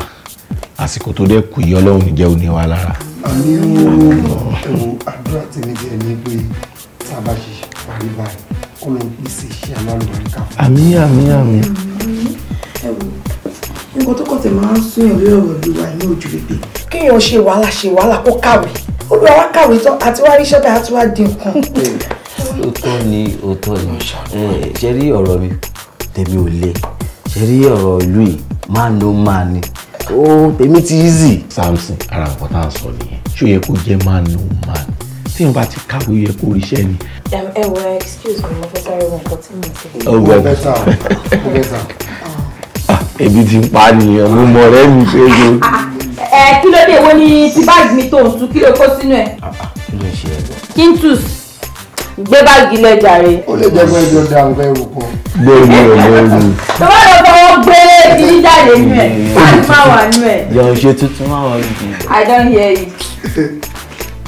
àsìkò tó dẹ́ kù yìí ọlọ́run níjẹ́ ò ní wa lára. àmì ẹ̀wọ̀ àdúrà tí mi jẹ́ ní pé tá a bá ṣe parí báyìí kó ló ń pèsè iṣẹ́ alálùbáríkà fún. àmì àmì àmì. nǹkan tó kọ̀ tẹ̀ máa ń sún yàn lórí ọ̀rọ̀ ìlú wa ní ojú bèbè. kéèyàn ṣe wàhálà ṣe wàhálà kó kàwé olúwa wá kàwé tán àti wá ríṣẹ́ báyìí àti wá dín nǹkan. òótọ́ ni òótọ́ ni ṣe rí ọ̀rọ̀ mi tèmi ò le ṣe rí ọ̀rọ̀ ìlú yìí máa ló oh máa ni ó tèmi ti easy. Samson ara nǹkan tá à ń sọ nìyẹn ṣó yẹ kó jẹ́ man no man tí n bá ti kàwé yẹ kó ríṣẹ́ ni. ẹ wọ excuse me mo fẹ́ sáré wọn nǹkan tí mo ti. ọgbẹ bẹta bẹta. ebi ti ń pa nìyẹn mo mọ rẹ mi ṣe é. ẹ *laughs* ah, eh, kí ló dé wo ni ti báàgì mi tó ń tu kí ló kó sínú ẹ. Ah, ah, kí ló ń ṣe kintus gbé báàgì lẹ́jà rẹ̀. ó lè jẹ́ pé ẹjọ́ da nǹkan ẹ̀wò kan. gbẹ̀gbẹ̀ gbẹ̀gbẹ̀. tó bá lọ fọwọ́ gbé kiri jáde nù ẹ̀ láti má wà nù ẹ̀. yọ ṣe tuntun má wà nù. I don't hear you.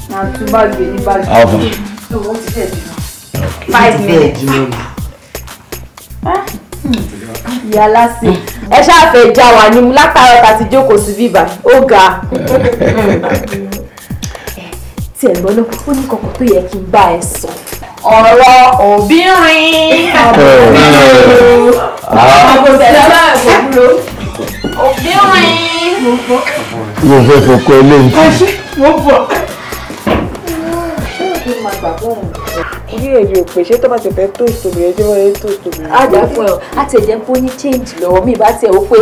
na tún bá gbé ní báàgì. ọ̀hún. Ah, five minutes. Ah, hmm. ìyá lásì ẹ ṣáàfẹ́ já wa ni mo látàárọ̀ tá jókòó sí bíbá ó ga *laughs* tí ẹ̀ ó ní kọ̀ọ̀kan tó yẹ kí n bá ẹ sọ ọ̀rọ̀ òbírin àbúrò àbòsílẹ̀ àbúrò òbírin. mo fẹ́ fọkọ eléyìí. mo bọ̀. Bí èyí ò pè ṣé tó bá ti fẹ́ tó ìsòmìrì ẹjọ́ wọlé tó ìsòmìrì. Àjà fún ẹ, àtẹ̀jẹ̀ fún ní change lọ́wọ́ mi ìbá tiẹ̀ ó pé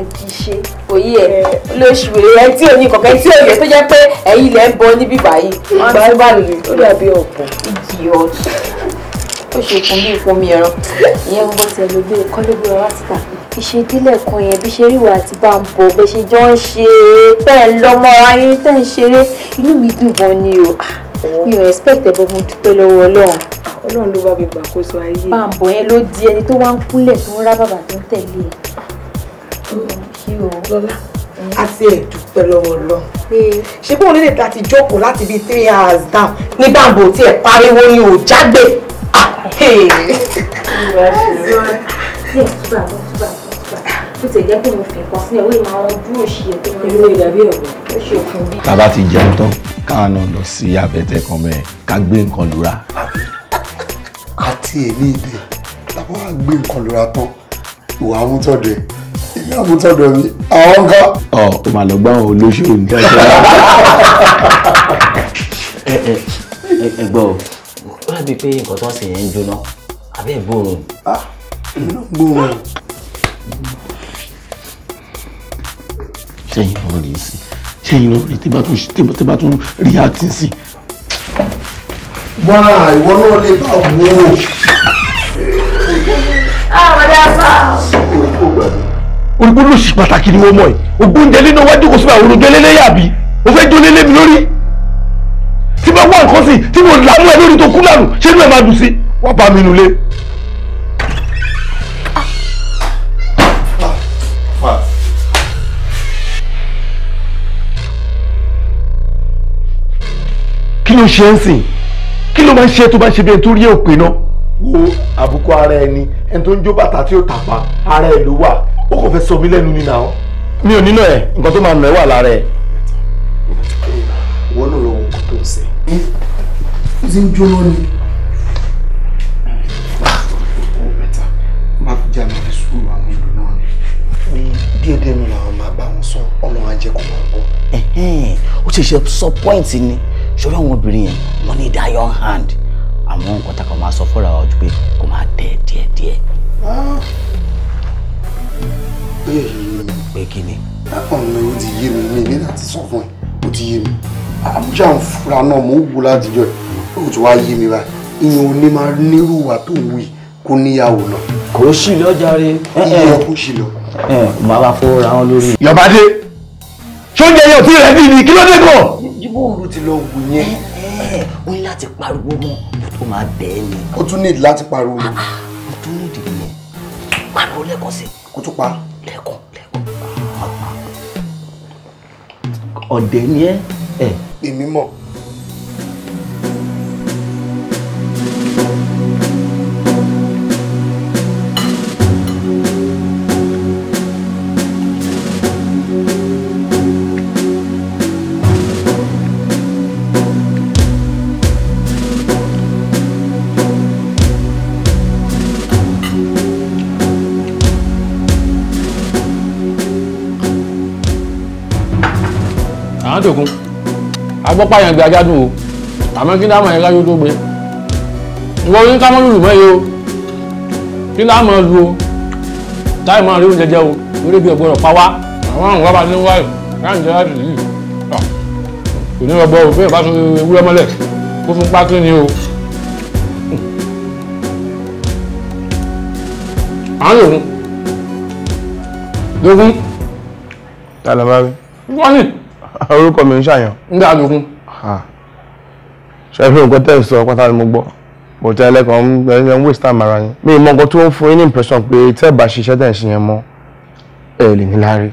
àjíṣe òye ẹ lóṣù ẹ tí ò ní kọ̀kẹ́ tí ò yẹ tó jẹ́ pé ẹ̀yin ilẹ̀ ń bọ níbí báyìí ìgbà bá lè ó dàbí ọ̀pọ̀ ìjì ọ̀tún ó ṣe kún bí ìfomi ẹ̀rọ ìyẹn gbogbo tiẹ̀ ló gbé kọ́ ló gbé wa wá síta ìṣe ìdílé kan yẹn bí ṣe ríwà àti bá ń bọ̀ bẹ́ẹ̀ ṣe jọ ń ṣe tẹ́ ń lọ́mọ ayé tẹ́ ń ṣeré inú mi dùn gan ni o ah, mi ò expect ẹ̀ bọ́ mo dúpẹ́ lọ́wọ́ ọlọ́run ọlọ́run ló bá mi gbàkóso ayé. bá ń bọ̀ yẹn ló di ẹni tó wá ń kúnlẹ̀ tó ń rá bàbà tó ń tẹ̀lé lọ́lá àti ẹ̀dùpẹ́ lọ́wọ́ lọ. ṣé bóun lè láti jókòó láti bíi three hours down ní bàbá tí ẹ̀ pariwo ni ò jágbe. Ah, bàbá ti jẹun tán káwọn lọ sí abẹ́tẹ̀ kan mẹ́ẹ̀ ká gbé nǹkan lura. àti èmi ibẹ̀ làwọn á nǹkan lura tán ìwà amútọ́dẹ èmi àbútọ́dọ̀ mi àwọn nǹkan. ọ o máa lọ gbáwọn olóṣèlú ní ọjọ́ ẹ ẹ ẹ gbọ́ ọ ó dàbí pé nǹkan tó ń sè yẹn ń jóná abẹ́ gbóòórùn. Ah, èmi náà gbóòórùn. sẹ́yìn ló rí sí sẹ́yìn ló rí tí bá tún rí àti sí. wá ìwọ náà lè bá wò ó. àwọn ọ̀dà sọ̀rọ̀ olùkọ́ ló ṣì pàtàkì ni wọ́n mọ̀ ẹ́ ògbóúnjẹ nínú wájú kò síbà òròjọ lélẹ́yà bí o fẹ́ jó lélẹ́ mi lórí tí bá wà nǹkan sí tí mo làmú ẹ lórí tó kú lànà ṣé inú ẹ máa dùn sí wàá bá mi nulẹ̀. kí ló ṣe ń sìn kí ló máa ń ṣe tó bá ṣe bí tó rí òpè náà. wo àbùkù ara ẹni ẹni tó ń jó bàtà tí ó tàpá ara ẹ ló wà ó kò fẹ́ sọ mí lẹ́nu nínú àwọn. mi ò nínú ẹ nǹkan tó máa nà ẹ wà lára ẹ. ìwọ náà lọ wọ nǹkan tó ń ṣe. ó ti ń jóná ni. ó bẹ̀tà má fi mi fi sùúrù àwọn ìlú náà ni. díẹ̀ díẹ̀ mi làwọn máa bá wọn sọ ọlọ́run á jẹ́ ni your hand nǹkan tá a kàn máa sọ fúnra pé kò máa ah. pé kí ni. ọ̀nà o ti yé mi mi ní láti sọ fún ẹ o ti yé mi àbújá ń fura náà mò ń wù látijọ́ ẹ o ti wá yé mi báyìí ìyẹn ò ní máa nírú wa tó wù yìí kó níyàwó lọ. kò sí lọ jàre. ìyẹn kò sí lọ. màá bá fowó ra wọn lórí. yọ̀bádé sóúnjẹ yóò tí rẹ̀ bí ni kí ló dé gan. ibo olú ti lọ wù yẹn. o ní láti pariwo mọ́ o máa bẹ́ẹ̀ ni. o tún ní láti pariwo mọ́. o ah, ah, tún ní ìdílé yẹn pariwo lẹ́kọ̀ọ́ sí. kó tún pa lẹ́kọ̀ọ́ lẹ́kọ̀ọ́. ọ̀dẹ̀ ni ẹ. èmi mọ̀. àmọ́tòkun agbọ́pàyàn gbé ajádùn o àmọ́ kí dámọ̀ yẹn láyé tó gbé ìwọ ní ká mọ́ lùlù mọ́ye o kí lámọ̀ lu o táì máa rí oúnjẹ jẹ o lórí bí ọgbọ́dọ̀ pa wá àwọn àrùn wábà ní wáyò láǹjẹ láti yìí kò ní ọgbọ́ òfin ìbá tún ewúrẹ́ mọ́lẹ̀ kó fún pákí ni o. àwọn yòókù lógún. tá a lọ bá wí. wọ́n ní orúkọ mi ń ṣàyàn. ń dà lókun. ṣe fi nǹkan tẹ́ ẹ̀ sọ pátá ni mo gbọ́ mo tẹ́ ẹlẹ́kan ẹ̀ ń waste time ara yín. mi mọ nǹkan tó ń fún yín ní impression pé tẹ́ ẹ̀ bá ṣiṣẹ́ tẹ̀ ń ṣe yẹn mọ́ ẹ̀ lè ní láárí.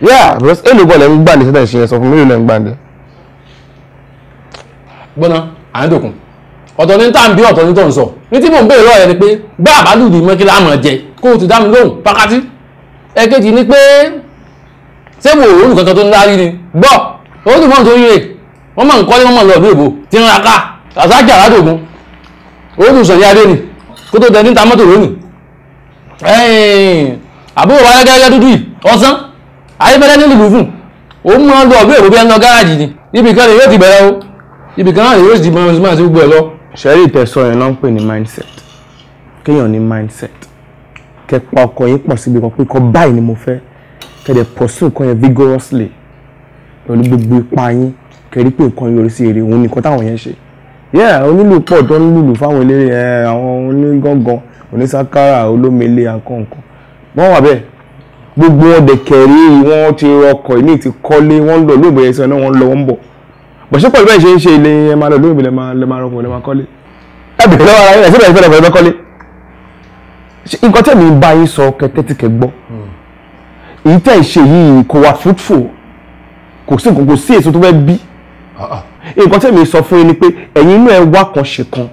yà bros èlò bọ̀ lẹ́ ń gbà ní iṣẹ́ tẹ̀ ń ṣe yẹn sọ fún mi èlò lẹ́ ń gbà ní. gbọ́nà à ń dòkun ọ̀tọ̀ ní tàbí ọ̀tọ̀ ní tó ń sọ ní tí mò ń béèrè lọ́ọ̀ yẹn ni pé bá àbádùn ìdìmọ́ kí jẹ kó o ti dá mi lóhùn pákátí ẹ̀kejì ni pé ṣé wo òórùn kankan tó ń lárí ni gbọ́ òórùn mọ́ tó ń yẹ wọ́n mọ̀ ń kọ́lé wọ́n mọ̀ lọ ìlú èbó tí ń ra ká àsájà aládògún òórùn sàn ní adé ni kó tó tẹni ta mọ́tò lónìí àbúrò wa gẹ́gẹ́ dúdú yìí ọ̀sán ayébẹ́lẹ́ nílùú fún òun mọ́ lọ ìlú èbó bí ẹni lọ gáràjì ni ibì kan yóò ti bẹ̀rẹ̀ o ibì kan náà yóò ti mọ ohun tí gbogbo ẹ̀ lọ. ṣẹ́rí ìtẹ̀sọ yẹn náà ń pè ní mindset kéèyàn ní mindset kẹ́pọ̀ ọkọ̀ yín pọ̀ síbi kan pé kọ́ báyìí ni mo fẹ́ kẹ̀dẹ̀ pursue nǹkan yẹn vigorously pẹ̀lú gbogbo ipa yín kẹ̀rí pé nǹkan yọrí sí èrè òun nìkan táwọn yẹn ṣe yeah onílù pọ̀ tó ń lùlù fáwọn eléré ẹ àwọn onígangan onísákárà olómele àkànkàn wọ́n wà bẹ́ẹ̀ gbogbo wọn dẹ̀ kẹ̀rí wọ́n ti rọkọ̀ ìmí ti kọ́lé wọ́n ń lọ lóògbé yẹn sí ọ̀nà wọn ń lọ wọ́n ń bọ̀ bọ̀ṣẹ́ pẹ̀lú bẹ́ẹ̀ ṣe ń ṣe ilé ẹ máa lọ lóògbé lẹ máa rọkọ̀ èyí tẹ́ ẹ̀ ṣe yìí kò wá fruitful kò sí nǹkan kò sí èso tó fẹ́ bí nǹkan tẹ́mi sọ fún yín ni pé ẹ̀yin inú ẹ wá kan ṣe kan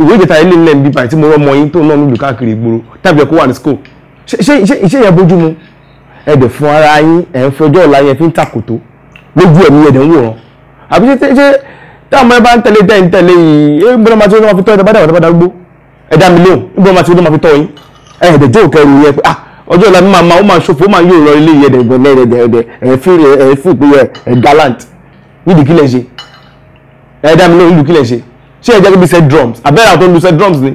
ìwé ìjẹta ilé nílẹ̀ níbi báyìí tí mo rọ́ ọmọ yín tó náà nílùú káàkiri ìgboro tàbí ẹ̀kọ́ wà ní school ṣé ìyẹn bójú mu ẹ dẹ̀ fún ara yín ẹ̀ ń fi ọjọ́ ọ̀la yẹn fi ń tàkòtò lójú ẹ̀mí ẹ̀dẹ̀ ń wòran àbí ṣe táwọn ẹ bá ń tẹ̀lé tẹ̀ ń tẹ̀lé yìí ẹ ń gbọ́dọ̀ máa ti ọdún máa fi tọ́ ẹ dábàdà dábàdà gbó ẹ dá mi lóhùn ń gbọ́dọ̀ máa ti ọdún máa fi tọ́ yín ẹ ẹ̀dẹ̀ jókè yẹn pé ah ọjọ́ ìlànà máa máa ó máa ṣòfò ó máa yóò rọ ilé yẹn dẹ̀gbọ̀n lẹ́rẹ̀dẹ̀rẹ̀dẹ̀ ẹ̀ fún ìpínlẹ̀ ẹ̀ gallant nídìí kí lẹ̀ ṣe ẹ̀ dá mi lóhùn nídìí kí lẹ̀ ṣe ṣé ẹ̀ jẹ́ kí bí set drums abẹ́rẹ́ àwọn tó ń lu set drums ni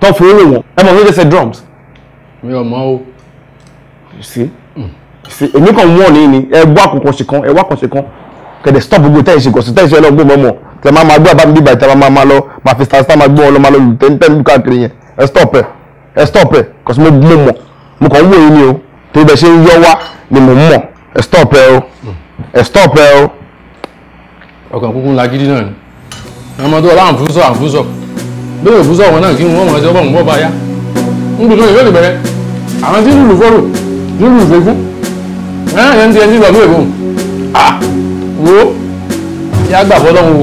tó ń fi oró wọn ẹ̀ mọ̀ ló set drums. mi ò mọ o. sí sí èmi kàn wọ́n ní ni ẹ wá àkọsí kan ẹ wá àkọsí kan kẹ̀dẹ̀ stop gbogbo tẹ́ ẹ̀ ṣe gọ̀ọ́sì tẹ́ ẹ̀ ṣe lọ gbogbo ọmọ tẹ máa máa gbọ́ àbá mi bíbá ìtẹ́ máa máa lọ máa fi star star máa gbọ́ ọ lọ máa lọ lù tẹ́ ń tẹ́ ń lu káàkiri yẹn ẹ stop ẹ ẹ stop ẹ kọ́sí mo mọ̀ mo kàn ń wòye ni o tó bẹ ṣe ń yọ wá ni mo mọ̀ ẹ stop ẹ o ẹ stop ẹ o. ọkàn kúkú la gidi náà ni ọmọ tó ọlá àǹfùsọ àǹfùsọ bẹ́ẹ̀ òfúsọ wọn náà kí wọn mọ̀ ẹsẹ̀ ọgbọ̀n bọ́ọ̀bá yá ń dùn náà ìrẹ́lẹ̀ bẹ̀rẹ̀ àwọn tí lùlù fọ́rọ̀ lùlù fẹ́fún ẹ̀rọ yẹn ti ẹni lọ́gbọ̀n ìbọn à wo yá gbà fọlọ́run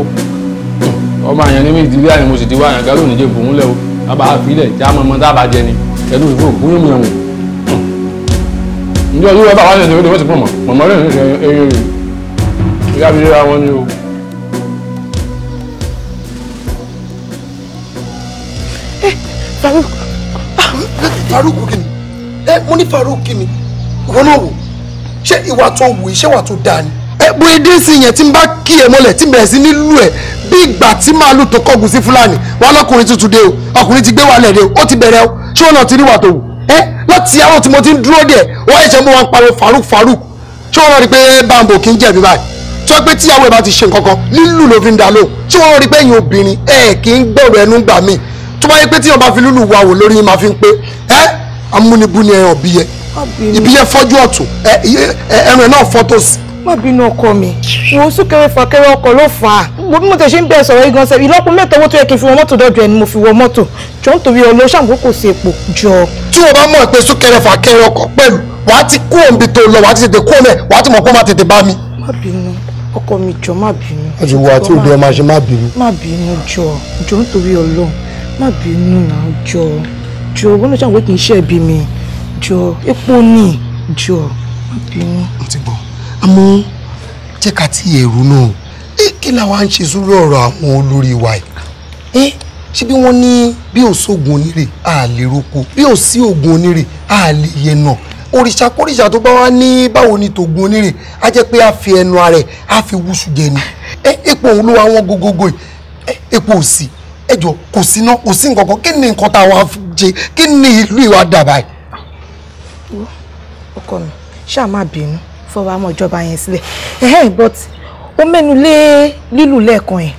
wo ọmọ àyàn ní mi ìdílé àyàn mo sì ti wá àyàn gálò níjẹ̀ bòún lẹ́wọ̀ bàbá àfilẹ̀ já mọ́mọ́ dábàá jẹ ni ẹ̀dùn ìfọ̀ òkú yẹ̀mùyẹ̀mù ìjọ yóò wọ́n bá wọ́n ṣe wọ́n ti pọ̀ mọ̀ mọ̀mọ́ rẹ̀ ń ṣe eyín rẹ̀ ìyá mi ríra wọn ni o. Eh, Faruk kí ni ẹ eh, mo ní Faruk kí ni ìwọ náà wò ṣé ìwà tó wù ṣé ìwà tó dáa ni. ẹ eh, bó edé sí yẹn tí n bá kí ẹ mọ́lẹ̀ tí n bẹ̀rẹ̀ sí ní lù ẹ bí ìgbà tí màálù tó kọgùn sí Fúlàní wà lọkùnrin tuntun dé o ọkùnrin ti gbé wàlẹ̀ dé o ó ti bẹ̀rẹ̀ o ṣé wọn náà ti rí tó wù láti àwọn tí mo ti ń dúró díẹ̀ wọ́n ẹ̀ṣẹ̀ mú wọn pariwo Faruk Faruk ṣé wọ́n rí pé bambo kì í jẹ̀bi báyìí tí pé tíyàwó ẹ̀ bá ti ṣe nǹkan kan lílù ló fi ń da lóhùn ṣé wọ́n rí pé ẹ̀yin obìnrin ẹ̀ kì í gbọ̀rọ̀ ẹnu gbà míì tó bá yẹ pé tíyàwó bá fi lùlù wà wò lórí yín máa fi ń pé ẹ́ amúnibú ni ẹ̀yàn yẹ ìbí yẹ fọ́jú ọ̀tún ẹ̀rùn ẹ̀ náà fọ́tòsí má bínú ọkọ mi wọn súnkẹrẹ fàkẹrẹ ọkọ ló fà á mo bí mo tẹ ṣe ń bẹ sọ̀rọ̀ igan sẹ ìlọ́po mẹ́ta owó tó yẹ kí n fi wọ mọ́tò dọdọ ẹni mo fi wọ mọ́tò jọ ń torí ọlọ ṣàǹgó kò sí epo jọ. tí o bá mọ̀ pé súnkẹrẹ fàkẹrẹ ọkọ pẹ̀lú wàá ti kú òǹbi tó lọ wàá ti tètè kú òǹbẹ wàá ti mọ̀ pé ó máa tètè bá mi. má bínú ọkọ mi jọ má bínú. ọjọ́ wo àti òde ọmọ ṣe má bínú. má bínú jọ jọ ń torí ọlọ má bínú náà jọ jọ wọn náà ṣàǹgó kì í ṣe ẹbí mi jọ epo ní jọ má bínú àmọ́ jẹ́ ká ti ẹ̀rù náà ẹ kí làwa ń ṣe sórí ọ̀rọ̀ àwọn olórí wa ẹ̀ ṣé bí wọ́n ní bí ò sóògùn onírè a lè roko bí ò sí òògùn onírè a lè yẹnà òrìṣà kórìṣà tó bá wá ní báwo ni tòògùn onírè á jẹ́ pé a fi ẹnu ara ẹ̀ á fi wúṣù jẹ ni ẹ epo òun ló wá wọn gógógó yìí epo ò sí ẹjọ kò sí ná kò sí nǹkan kan kí ni nǹkan tá a wá jẹ kí ni ìlú ìwà dàbà yìí. ọkọ mi ṣáà má bínú fọwọ́ àmọ́ ìjọba yẹn sílẹ̀ ẹ̀hẹ́n but ó mẹ́nu lé lílù lẹ́ẹ̀kan yẹn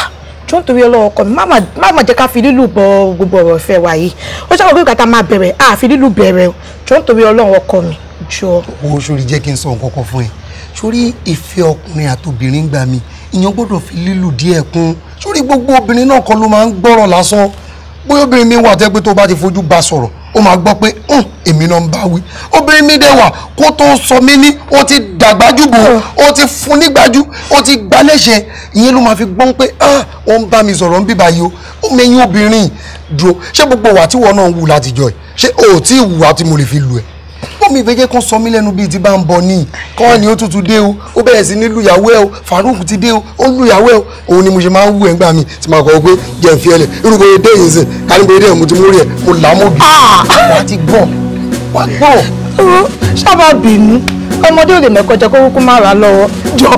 ah, jọ́n torí ọlọ́wọ́ ọkọ mi má má jẹ́ ká fi lílù bọ gbogbo ọ̀rọ̀ ìfẹ́ wa yìí ó ṣàkóso pé kàtà máa bẹ̀rẹ̀ àfi lílù bẹ̀rẹ̀ jọ́n torí ọlọ́wọ́ ọkọ mi jọ. owó sórí jẹ́ kí n sọ nǹkan kan fún ẹ sórí ìfẹ́ ọkùnrin àtobìnrin gbà mí ìyẹn gbọ́dọ̀ fi lílù díẹ̀ kún sórí gbogbo obìnrin náà kan ló máa ń gbọ́rọ̀ lásán bóyá obìnrin mi wà tẹ́ pé tó bá ti fojú bá sọ̀rọ̀ O máa gbọ́ pé hàn èmi náà ń bá wí obìnrin mi dẹ̀ kó tó sọ mí ní ó ti dàgbájú bò o mm. ti fún nígbájú o ti gbálẹ́sẹ̀ ìyẹn ló máa fi gbọ́n pé hàn ah, ó ń bá mi sọ̀rọ̀ ń bí báyìí o ó mẹyìn obìnrin dúró ṣé gbogbo wà tí wọn náà wù látijọ́ ṣé o ò tí ì wù àti mo lè fi lù ẹ́ wọ́n mi ìfẹ́jẹ́ kan sọ mí lẹ́nu bíi ti bá ń bọ̀ ni kọ́ ni ó tutù dé o ó bẹ̀rẹ̀ sí ní lùyàwó ẹ̀ o Farouk ti dé o ó lùyàwó ẹ̀ o òun ni mo ṣe máa ń wù ẹ̀ ńgbà mi tí màá kọ́ pé jẹ́ ń fi ẹlẹ̀ irú bóyá dé yìí sìn kárí bóyá dé yìí mo ti mú rí ẹ̀ mo là á mọ́ bí. wà á ti gbọ́ wà á gbọ́. ro sábà bínú ọmọdé ò lè mẹ́kọ́ jẹ kó kúkú má ra lọ́wọ́ jọ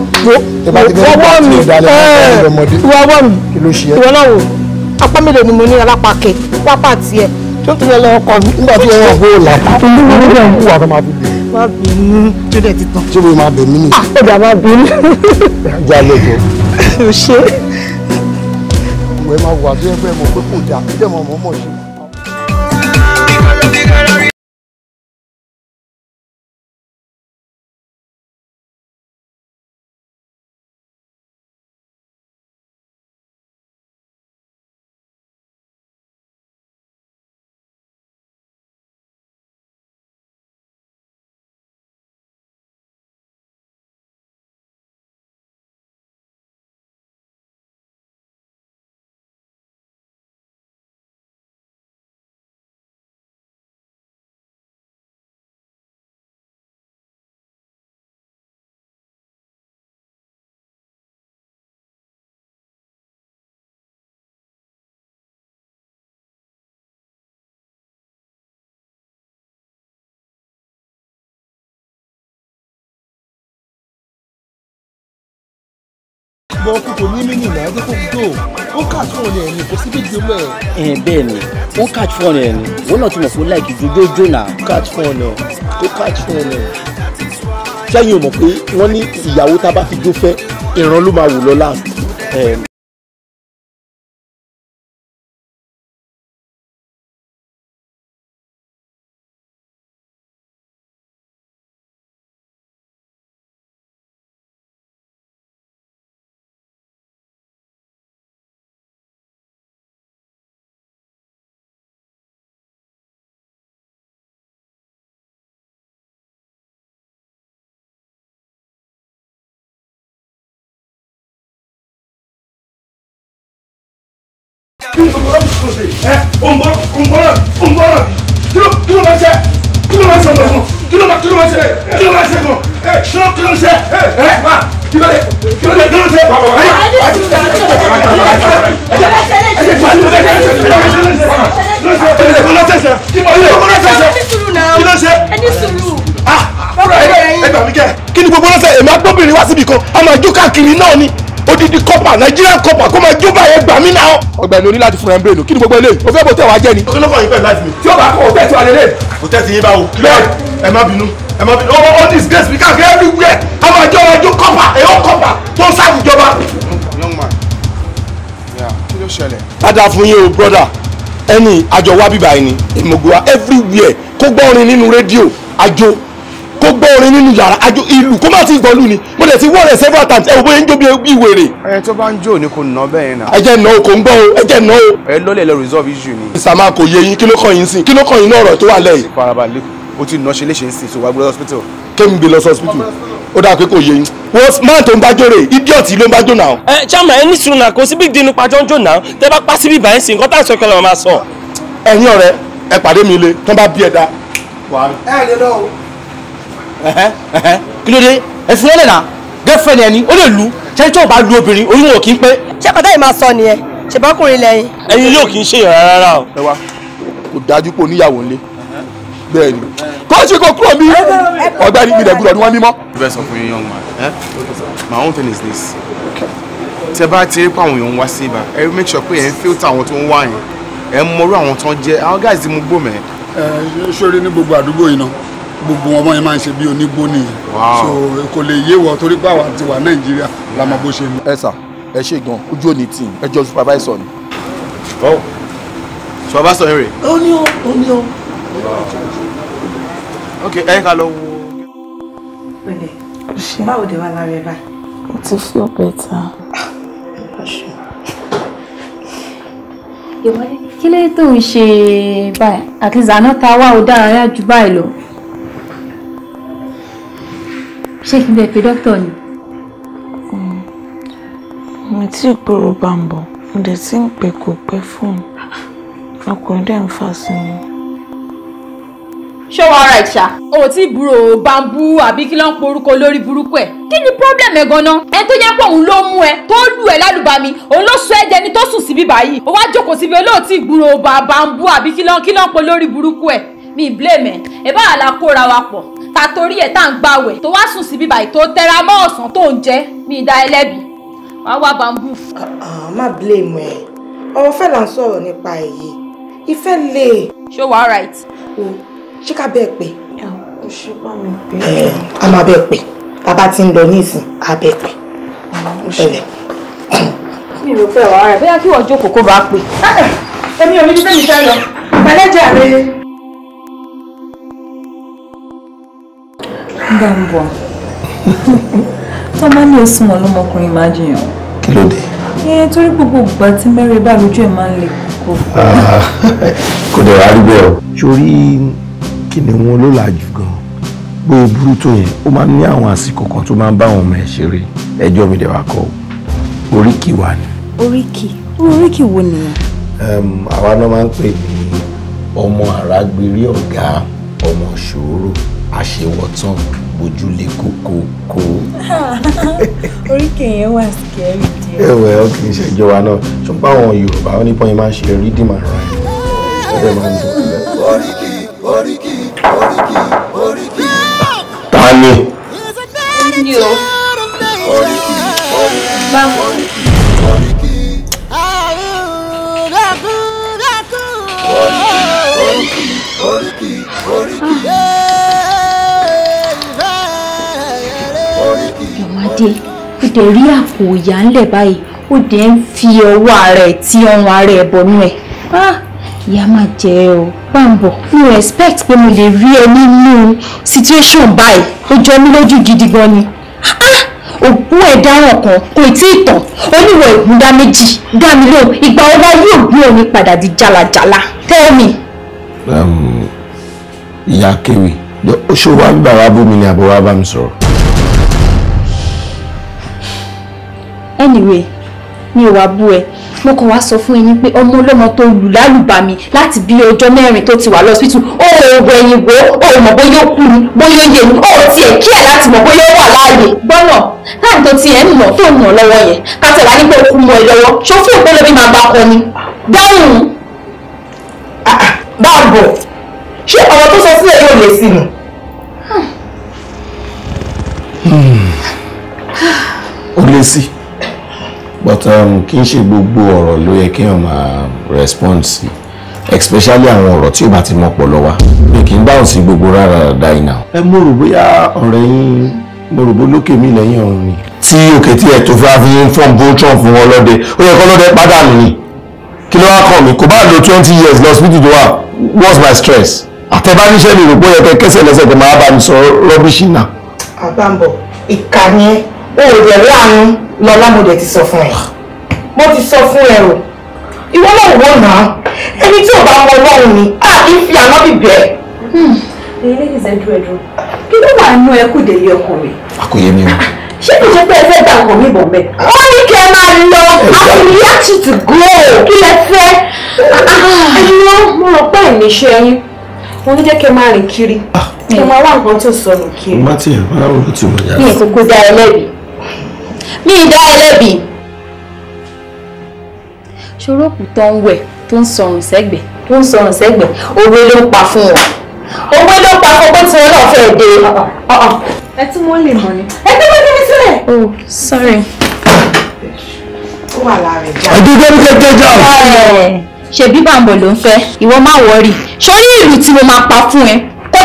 wọ́wọ́ mi ìwọ́wọ́ mi ìwọ́ náà wò apá ṣé o ti yẹ lọ ọkọ mi nígbà tí wọn bó o là kú nígbà tí wọn máa fi dè. má bínú tó dẹ̀ ti tán. tí mo máa bẹ̀ mí nìyí. ọjà ah, má bínú. ajá àlejò. o *laughs* ṣe. ìwé máa wà tó yẹ fẹ́ mọ̀ pé kò dáa kí dẹ̀ mọ̀ mọ̀ mọ̀ ṣe. bọ kó kò ní mímì náà ẹgbẹ́ kó gbó ó catch phone ẹ̀ ní kò sí gbèdé mọ́ ẹ̀. ẹ bẹ́ẹ̀ ni ó catch phone ẹ̀ ni wọ́n náà ti mọ̀ pé láìkì jójójó náà. catch phone ẹ̀ ó catch phone ẹ̀. sẹ́yìn ò mọ̀ pé wọ́n ní ìyàwó tá a bá fi jó fẹ́ ìran ló máa wù lọ́la kí ni sọ̀rọ̀ lọ́wọ́ tuntun ṣe ẹ òǹbọ̀rọ̀ òǹbọ̀rọ̀ òǹbọ̀rọ̀ kí ló máa ṣe kí ló máa ṣe ọ̀dọ̀ fún kí ló máa kí ló gbogbo lọ́sẹ̀ èmi agbóbìnrin wá síbi kan a máa káàkiri náà ni odidi kọ́pà nàìjíríà kọ́pà kó máa jó báyẹn gbà mí náà. ọ̀gbẹ́ni o ní láti fún ẹ ń bèrè kí ni gbogbo eléyìí o fẹ́ bó tẹ̀ wá jẹ́ ni. o kí ló kàn yín pẹ̀lú láti mi. tí o bá kọ o tẹ̀sí wa lélẹ̀. o tẹ̀sí yín báwo. bẹ́ẹ̀ ẹ má bínú ẹ má bínú o disgrace mi káàkiri everywhere a máa jọ ọjọ́ kọ́pà èyàn kọ́pà tó ń sáàbù jọba. padà fún yín o brother ẹni àjọ wa bíbá ẹni èmọ̀gbọ́n everywhere kó gbọ́ orin nínú rédíò àjò kó gbọ́ orin nínú yàrá àjò ìlú kó má ti gbọ́lù ni mo lè ti wọ́ọ̀rẹ̀ several times ẹ wò bóyá ń jó bí ìwèrè. ẹ tó bá ń jó ni kò ná bẹ́ẹ̀ náà. ẹ jẹ́ ná o kò ń gbọ́ o ẹ jẹ́ ná o. ẹ lọ́lẹ̀ lọ resolve issue ni. ìsàmà kò yé yín kí ló kàn yín sí kí ló kàn yín náà ọ̀rọ̀ tó wà lẹ́yìn. farabalẹ̀ o ti nà ṣe léṣe ń sìn so wàá gbé lọ hospital. ó dáa pé kò yé yín wọ́n máa tó ń bá jòrè idiot ló ń bá jò ẹ chama ẹni sùn náà kò síbi dínú pàjọ́ ń tẹ bá pa síbi báyìí sí nǹkan tá à ń sọ ìkọlẹ̀ wọn máa sọ. ẹ̀yin ọ̀rẹ́ ẹ pàdé mi lé tán bá bí ẹ dá. ẹ lè lọ o kí ló dé ẹ̀sìn ẹlẹ́nà girlfriend ẹni ó lè lu ṣé tí ò bá lu obìnrin oyún ò kí ń pé. ṣé kọ́tà yìí máa sọ nìyẹn ṣèbákùnrin lẹ́yìn. ẹyin yóò kì í ṣèyàn rárá o. ẹ wá kò dájú pé oníyàwó ńlé bẹ́ẹ̀ ni kó ṣe kó kúrò mí ọ̀gbẹ́ni mi dẹ̀gbúdọ̀ ni wọ́n mímọ́. bẹ́ẹ̀ sọ fún yín young man my own thing is this tẹ bá ti rí pé àwọn èèyàn ń wá sí ibà ẹ make sure pé ẹ ń filter àwọn tó ń wá yẹn ẹ ń mọrú àwọn tó ń jẹ àwọn guys ti mú gbòmẹ. ẹ ṣe orí ní gbogbo àdúgbò yìí náà gbogbo wọn yẹn máa ń ṣe bí onígbó nìyẹn so kò lè yé wọ torí pé àwa ti wà nàìjíríà la mọ bó ṣe lọ. ẹ sà ẹ ṣe gan ojú òní tí ẹ jọ supervisor ni. ọ oh, supervisor rẹ. ó ní o ó ní o. ok ẹ ká lọ wo. pẹ̀lẹ́ báwo de wà lára ẹ báyìí. mo ti fi ọbẹ ta. ìwọ ni kí ló tó ń ṣe báyìí àti zànà ta wá ó dára yá ju báyìí lọ. Ṣékinbé pé dókítà ni. mi tí ìgboro bá ń bọ̀ mo dẹ̀ tí ń pè kò pẹ́ fóònù ọkùnrin dẹ̀ ń fà sí mi. ṣé wàá ra ìṣá. o tí buro bambú àbí kí ló ń porúkọ lórí burúkú ẹ kí ni problem ẹ ganan. ẹ tó yẹ pé òun ló mú ẹ tó lù ẹ lálùbami òun ló sọ ẹ dẹni tó sùn síbí báyìí. ó wá jókòó síbi olóòtí ìgboro bambú àbí kí ló ń polórí burúkú ẹ mi blame ẹ̀ ẹ bá àlà kóra wa pọ̀ ta torí ẹ̀ tá à ń gbàwẹ̀ tó wá sùn síbi báyìí tó tẹra mọ́ ọ̀sán tó ń jẹ mi dá ẹlẹ́bi wá wá bambú. Ah, má blame ẹ ọ̀rọ̀ fẹ́ là ń sọ̀rọ̀ nípa èyí ìfẹ́ lè. ṣé wàá right. o ṣé ká bẹ́ẹ̀ pé. ẹ ṣe bá mi pé. ẹ a máa bẹ́ẹ̀ pé bàbá ti ń lọ ní ìsìn a bẹ́ẹ̀ pé. mi ò fẹ́ wàá rẹ̀ bóyá kí wọ́n jókòó kó bá pè. èmi ò ní bẹ́ẹ̀ mi fẹ́ lọ. ìpàdé jẹ́ àlejò. Gbàǹbọ̀. Tọ́ máa ní oṣù wọn lọ́mọkùnrin máa jiyàn. Kí ló dé? Ẹ torí gbogbo ìgbà tí mẹ́rin bá lójú ẹ̀ máa ń le kókó. Ah, *laughs* kò dẹ̀ wá rí bẹ́ẹ̀ o. Sori kìnìún ló làjú gan. Gbé burú tó yẹn, ó máa ń ní àwọn àsìkò kan tó máa ń bá àwọn ọmọ ẹ̀ ṣeré. Ẹjọ́ mi dẹ̀ wá kọ́ o. Oríkì wa ni. Oríkì? Oríkì wo nìyẹn? Àwa náà máa ń pè ní ọmọ àrágbérí ọ̀gá ọmọ ṣòro àṣewọ́tán gbójúlé kókókó. *laughs* oríkèé yẹn wà scary díẹ̀. ẹ̀wẹ̀ eh, ó kì í ṣe ìjọba náà ṣùgbọ́n àwọn Yorùbá ó ní pọ́n yẹn máa ṣe rídìmọ̀ ara ẹ̀ ẹ̀rẹ̀ máa ń dùn. oríkì oríkì oríkì oríkì. ta ni. ẹni o. oríkì oríkì oríkì. Oríkì, oríkì, oríkì. dìde ó dẹ̀ rí àpò ìyá ńlẹ̀ báyìí ó dẹ̀ ń fi ọwọ́ ara ẹ̀ tí ọrùn ara ẹ̀ bọ̀nú ẹ̀ ìyá máa jẹ ọ báńbọ̀ mo respect pé mo lè rí ẹ nínú situation báyìí ó jọ mí lójú gidi gan ni ògùn ẹ̀dáràn kan kò tí ì tàn oníwọ̀ ìgúndá méjì dá mi lóhùn ìgbà ọba yóò gbé omi padà di jàlàjàlà tell me. ìyá kéwì ṣé o wá bíbá wa bú mi ni àbọ̀ wa bá mi sọ̀rọ̀. anyway mi ò wá bú ẹ mo kàn wá sọ fún ẹyin pé ọmọ ọlọ́mọ tó lù lálùbami láti bí ọjọ́ mẹ́rin tó ti wà lọ́sítù ó oògùn ẹ̀yìn wò ó mọ̀ bóyá ó kú ni bóyá ó yè ni ó tiẹ̀ kí ẹ̀ láti mọ̀ bóyá ó wà láàyè gbọ́nà láì tó tiẹ̀ ń nà tó nà lọ́wọ́ yẹn kátà wá nípa òkú mọ́ ẹ lọ́wọ́ ṣòfò ìpolówó máa bá kọ ni dáhùn. Ah, ah, báàbò ṣé ọ̀rọ̀ tó sọ sílẹ̀ yóò lè sí ni. Hmm. *sighs* ó but um, kì í ṣe gbogbo ọ̀rọ̀ ló yẹ kí wọ́n respond sí especially àwọn ọ̀rọ̀ tí ó bá ti mọ́ pọ̀ lọ́wọ́ mi kì í dáhùn sí gbogbo rárá dáì náà. ẹ mo rò bóyá ọ̀rẹ́ yín mo rò bó lókè mi lẹ́yìn ọ̀run ni. tí òkè tí ẹ̀ tó fẹ́ fi ń fọ́n bóńtàn fún wọn lọ́dẹ ó yẹ kó lọ́dẹ pàdánù ni kí ló wá kàn mí kò bá lo twenty years lọ síbi tó wà what's my stress. àtẹ̀báníṣẹ́ mi rò pé ó yẹ kẹ́ kẹ́sẹ̀ lẹ́sẹ̀ kó máa bá mi sọ rọ́bìṣì náà. àbámbọ̀ ìkànnì ó lọ́lá mo dẹ̀ ti sọ fún ẹ mo ti sọ fún ẹ o ìwọ náà wò náà ẹni tí ò bá mọ ọlọ́run ni a kì í fi àná bìbẹ́. èyí ní ìṣẹ́jú ẹ̀dùn kí ló wàá nú ẹkú ìdèlé ọkọ rẹ̀. a kò yé mi o. ṣé kò jẹ́ pé ẹ fẹ́ gba ọkọ̀ mi bọ̀ mẹ́. wọ́n ní kẹ́ ẹ máa lọ àwọn reaction to go kí lẹ fẹ́. Ah, ẹ̀yọ́ mo rò pé ìníṣẹ́ yín mo ní jẹ́ kẹ́ máa rìn kiri ah. kí ẹ máa wá nǹkan tó sọnù kiri. mo bá tiẹ̀ máa ń rántí wọn yára. mi ò kúkú dá ẹ lẹ́bi mi ì dá ẹlẹ́bi ṣorókù tó ń wẹ̀ tó ń sọrùn sẹ́gbẹ̀ tó ń sọrùn sẹ́gbẹ̀ òwe ló ń pa fún wọn òwe ló ń pa fún pé tiwọn náà fẹ́ dé. ẹ tí mo lè mọ ni. ẹ tí mo ti sílẹ̀. oh sorry. ó wà lára ẹ̀ já. ọdún gbẹ́rù kẹ́kẹ́ já. ṣebí bàǹbọ̀ ló ń fẹ́ ìwọ má wọrí sórí ìlú tí mo máa pa fún ẹ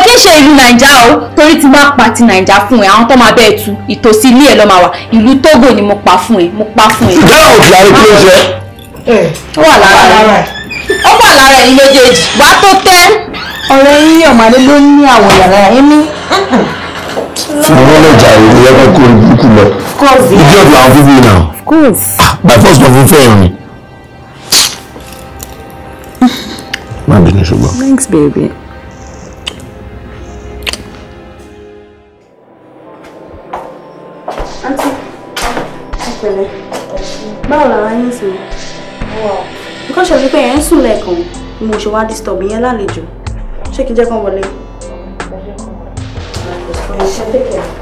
kí n ṣe ìlú nàìjà o torí ti máa pa ti nàìjà fún ẹ àwọn tó máa bẹ́ẹ̀ tu ìtòsí ilé ẹ lọ́ máa wà ìlú Togo ni mo pa fún ẹ mo pa fún ẹ. ìjà òkè àrùn kí ló jẹ. ó wà lára rẹ ó wà lára ẹ̀yin méjèèjì wá tó tẹ́. ọ̀rẹ́ yín ọ̀màdé ló ní àwọn yàrá yín ní. ṣùgbọ́n lọ́jà ìlú ẹgbẹ́ kó ikú lọ ìjọ ìlú àwọn fífi náà by force lọ fún fẹ́ẹ̀ rìn. *laughs* má bínú ṣùgbọ́n. thanks baby. àǹtí ọ̀pẹ̀lẹ̀ báwo lára yín sí i. nǹkan ṣe wípé ẹ̀ ń sùn lẹ́ẹ̀kan ni mo ṣe wá disturb yẹn lálejò ṣé kí n jẹ́ kán wọlé. ẹ ṣe tẹ́kẹ̀ẹ́.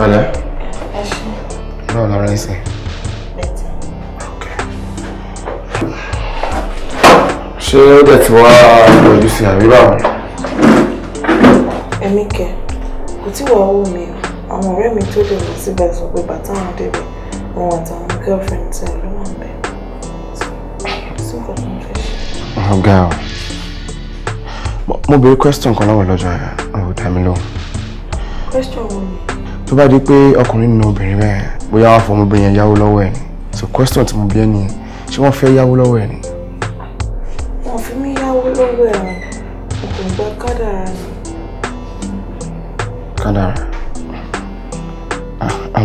Hello? Ashley. No, Laura is here. Okay. Ṣé ó dẹ̀ sí àbí báwo. ẹ̀mí kẹ kò tí wọ́n wù mí o àwọn ọ̀rẹ́ mi tó dèrò síbẹ̀ sọ pé bàtà àwọn débẹ̀ òun àtàwọn girlfriend ẹ̀ ló wà bẹ́ẹ̀ sí nǹkan tó ń fẹ́ ṣe. ọ̀gá o mo béèrè question kan lọ́wọ́ lọ́jọ́ yẹn ò dá mi lóhùn. question wo ni. tó bá di pé ọkùnrin nínú obìnrin bẹ́ẹ̀ bóyá wàá fọ ọmọbìnrin yẹn yáwó lọ́wọ́ ẹ̀ ni so question tí mo bí ẹ nìyẹn ṣé wọ́n fẹ́ yáwó lọ́wọ́ ẹ̀ ni.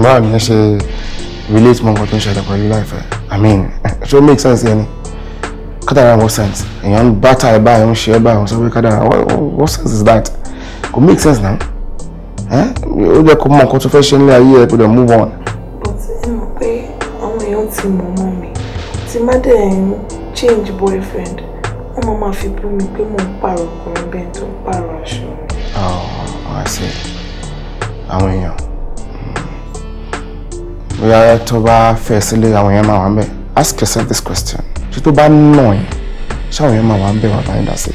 báwo ni ẹ ṣe relate mọ nǹkan tó ń ṣẹlẹ̀ pẹ̀lú láìfẹ́ i mean it eh, don't make sense yẹn ni kádàrá what sense èèyàn ń bá tàyè báyìí ń ṣe ẹ báyìí ń sọ pé kádàrá what sense is that kò make sense now eh? ó jẹ́ kó mọ nǹkan tó fẹ́ ṣe nílé ayé ẹ kó dẹ̀ move on. but ẹ mọ̀ pé àwọn èèyàn ti mọ̀ mọ́ mi tí má dẹ̀ change boyfriend wọ́n máa máa fi bú mi pé mò ń pààrọ̀ ọkùnrin bẹ́ẹ̀ tó ń pààrọ̀ aṣọ. ọ̀ ọ̀ àṣẹ àwọn èèyàn bóyá tó bá fẹ́ sílé àwọn èèyàn máa wà ń ask yourself this question ṣé tó bá nà ẹ́ ṣé àwọn èèyàn máa wà ń bẹ̀ wà bá yín dà sí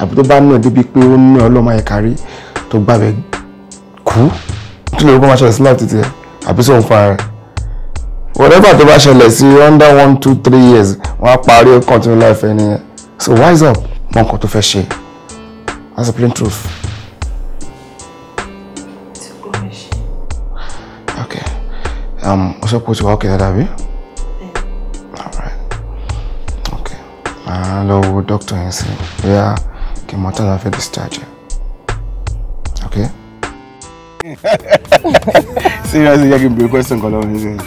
àbí tó bá nà ẹ́ débi pé ó nà ọ́ lọ́mọ ẹ̀ka rí tó gbà bẹ̀ kú kí ló kó máa ṣẹlẹ̀ sí láti tiẹ̀ àbí sóun fún rẹ̀ whatever tó bá ṣẹlẹ̀ sí under one two three years wọ́n á parí continue life ẹni yẹn so wise up mọ nǹkan tó fẹ́ ṣe that's the plain truth. Um, o sọ pé o ti wá òkè dáadáa bí? Ok, màá lọ wo dókítà yẹn sí bóyá kí n mọ tí discharge ok? *laughs* seriously jẹ́ kí n bèrè question kan lọ́wọ́ nísìnyí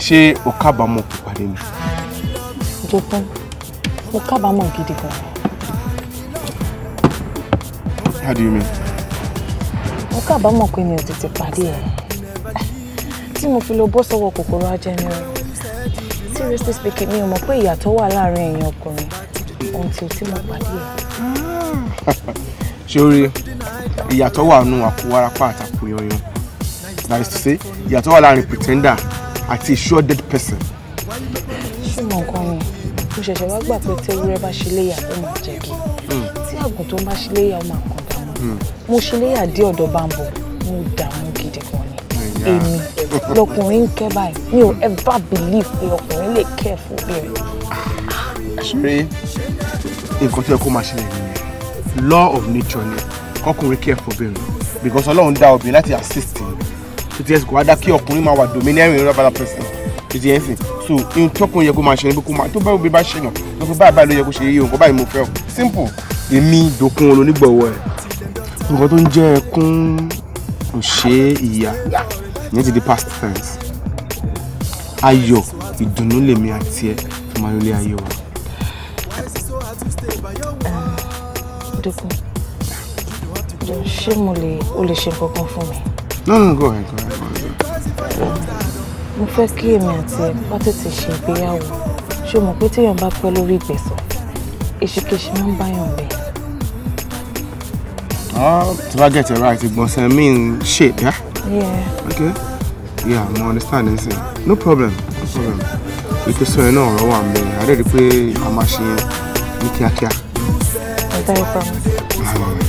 ṣé o kábàámọ̀ kò pàdé mi? jọpọ how do you mean? mo kábàámọ̀ pé mi ò tí mo fi lọ bọ́ sọ́wọ́ kòkòrò ajẹni o seriously speaking mi ò mọ̀ pé ìyàtọ̀ wà láàrin èèyàn ọkùnrin ohun tí o ti mọ̀ pàdé ẹ̀. ṣé ìyàtọ̀ wà nù àkúwárapá àtàkù yanyan that is to say ìyàtọ̀ wà láàrin pretender àti sure-dead person. ṣùgbọ́n nǹkan mi mo ṣẹ̀ṣẹ̀ wá gbà pé tí ewúrẹ́ bá ṣe léyà ó máa jẹ́ kí hmm. tí àgùntàn bá ṣe léyà ó máa kàn dànù hmm. mo ṣe léyà dé ọ̀dọ̀ bá ń bọ̀ mo dààmú gidi gan ni hmm, èmi lọkùnrin ń kẹ́ báyìí mi ò ever believe pé ọkùnrin lè kẹ́ fún obìnrin. ṣeré nǹkan tí ẹ kó máa ṣẹlẹ̀ nìyẹn law of nature ni kọkùnrin kẹ́ fún obìnrin because ọlọ́run dá obìnrin láti assist ni tó ti ẹsẹ̀ kó wá dá kí ọkùnrin máa wà domineering rọ́bàlà person tó ti ẹsẹ̀ so ihun tọkùnrin yẹ kó máa ṣe ni pé kó máa tó bá obìnrin bá ṣèyàn lọ fún báyìí báyìí ló yẹ kó ṣe iye nǹkan báyìí mo fẹ́ o simple èmi dòkun olónígbọ̀wọ́ ẹ̀ nǹkan tó ń jẹ́ ẹkún kò ṣe é ìyá ìyẹn ti di past tense ayọ̀ ìdùnnú lèmi àti ẹ fi máa lólé ayé wa. dókun ṣé mo lè o lè ṣe kankan fún mi. no no go ahead go ahead. Go ahead. mo fẹ́ kí èmi àti ẹ bá tètè ṣe ìgbéyàwó ṣé o mọ̀ pé téèyàn bá pẹ́ lórí ìgbésọ̀ èṣìkèṣì máa ń báyàn bẹ́ẹ̀. Oh, if I get it right, it must mean shit, yeah? Yeah. Okay. Yeah, I'm understanding. this. No problem. No problem. Ipe sọ iná I want. mbẹ̀. Adé rí play a máa ṣe ní kíákíá. Ọ̀dà ìfọ̀mù.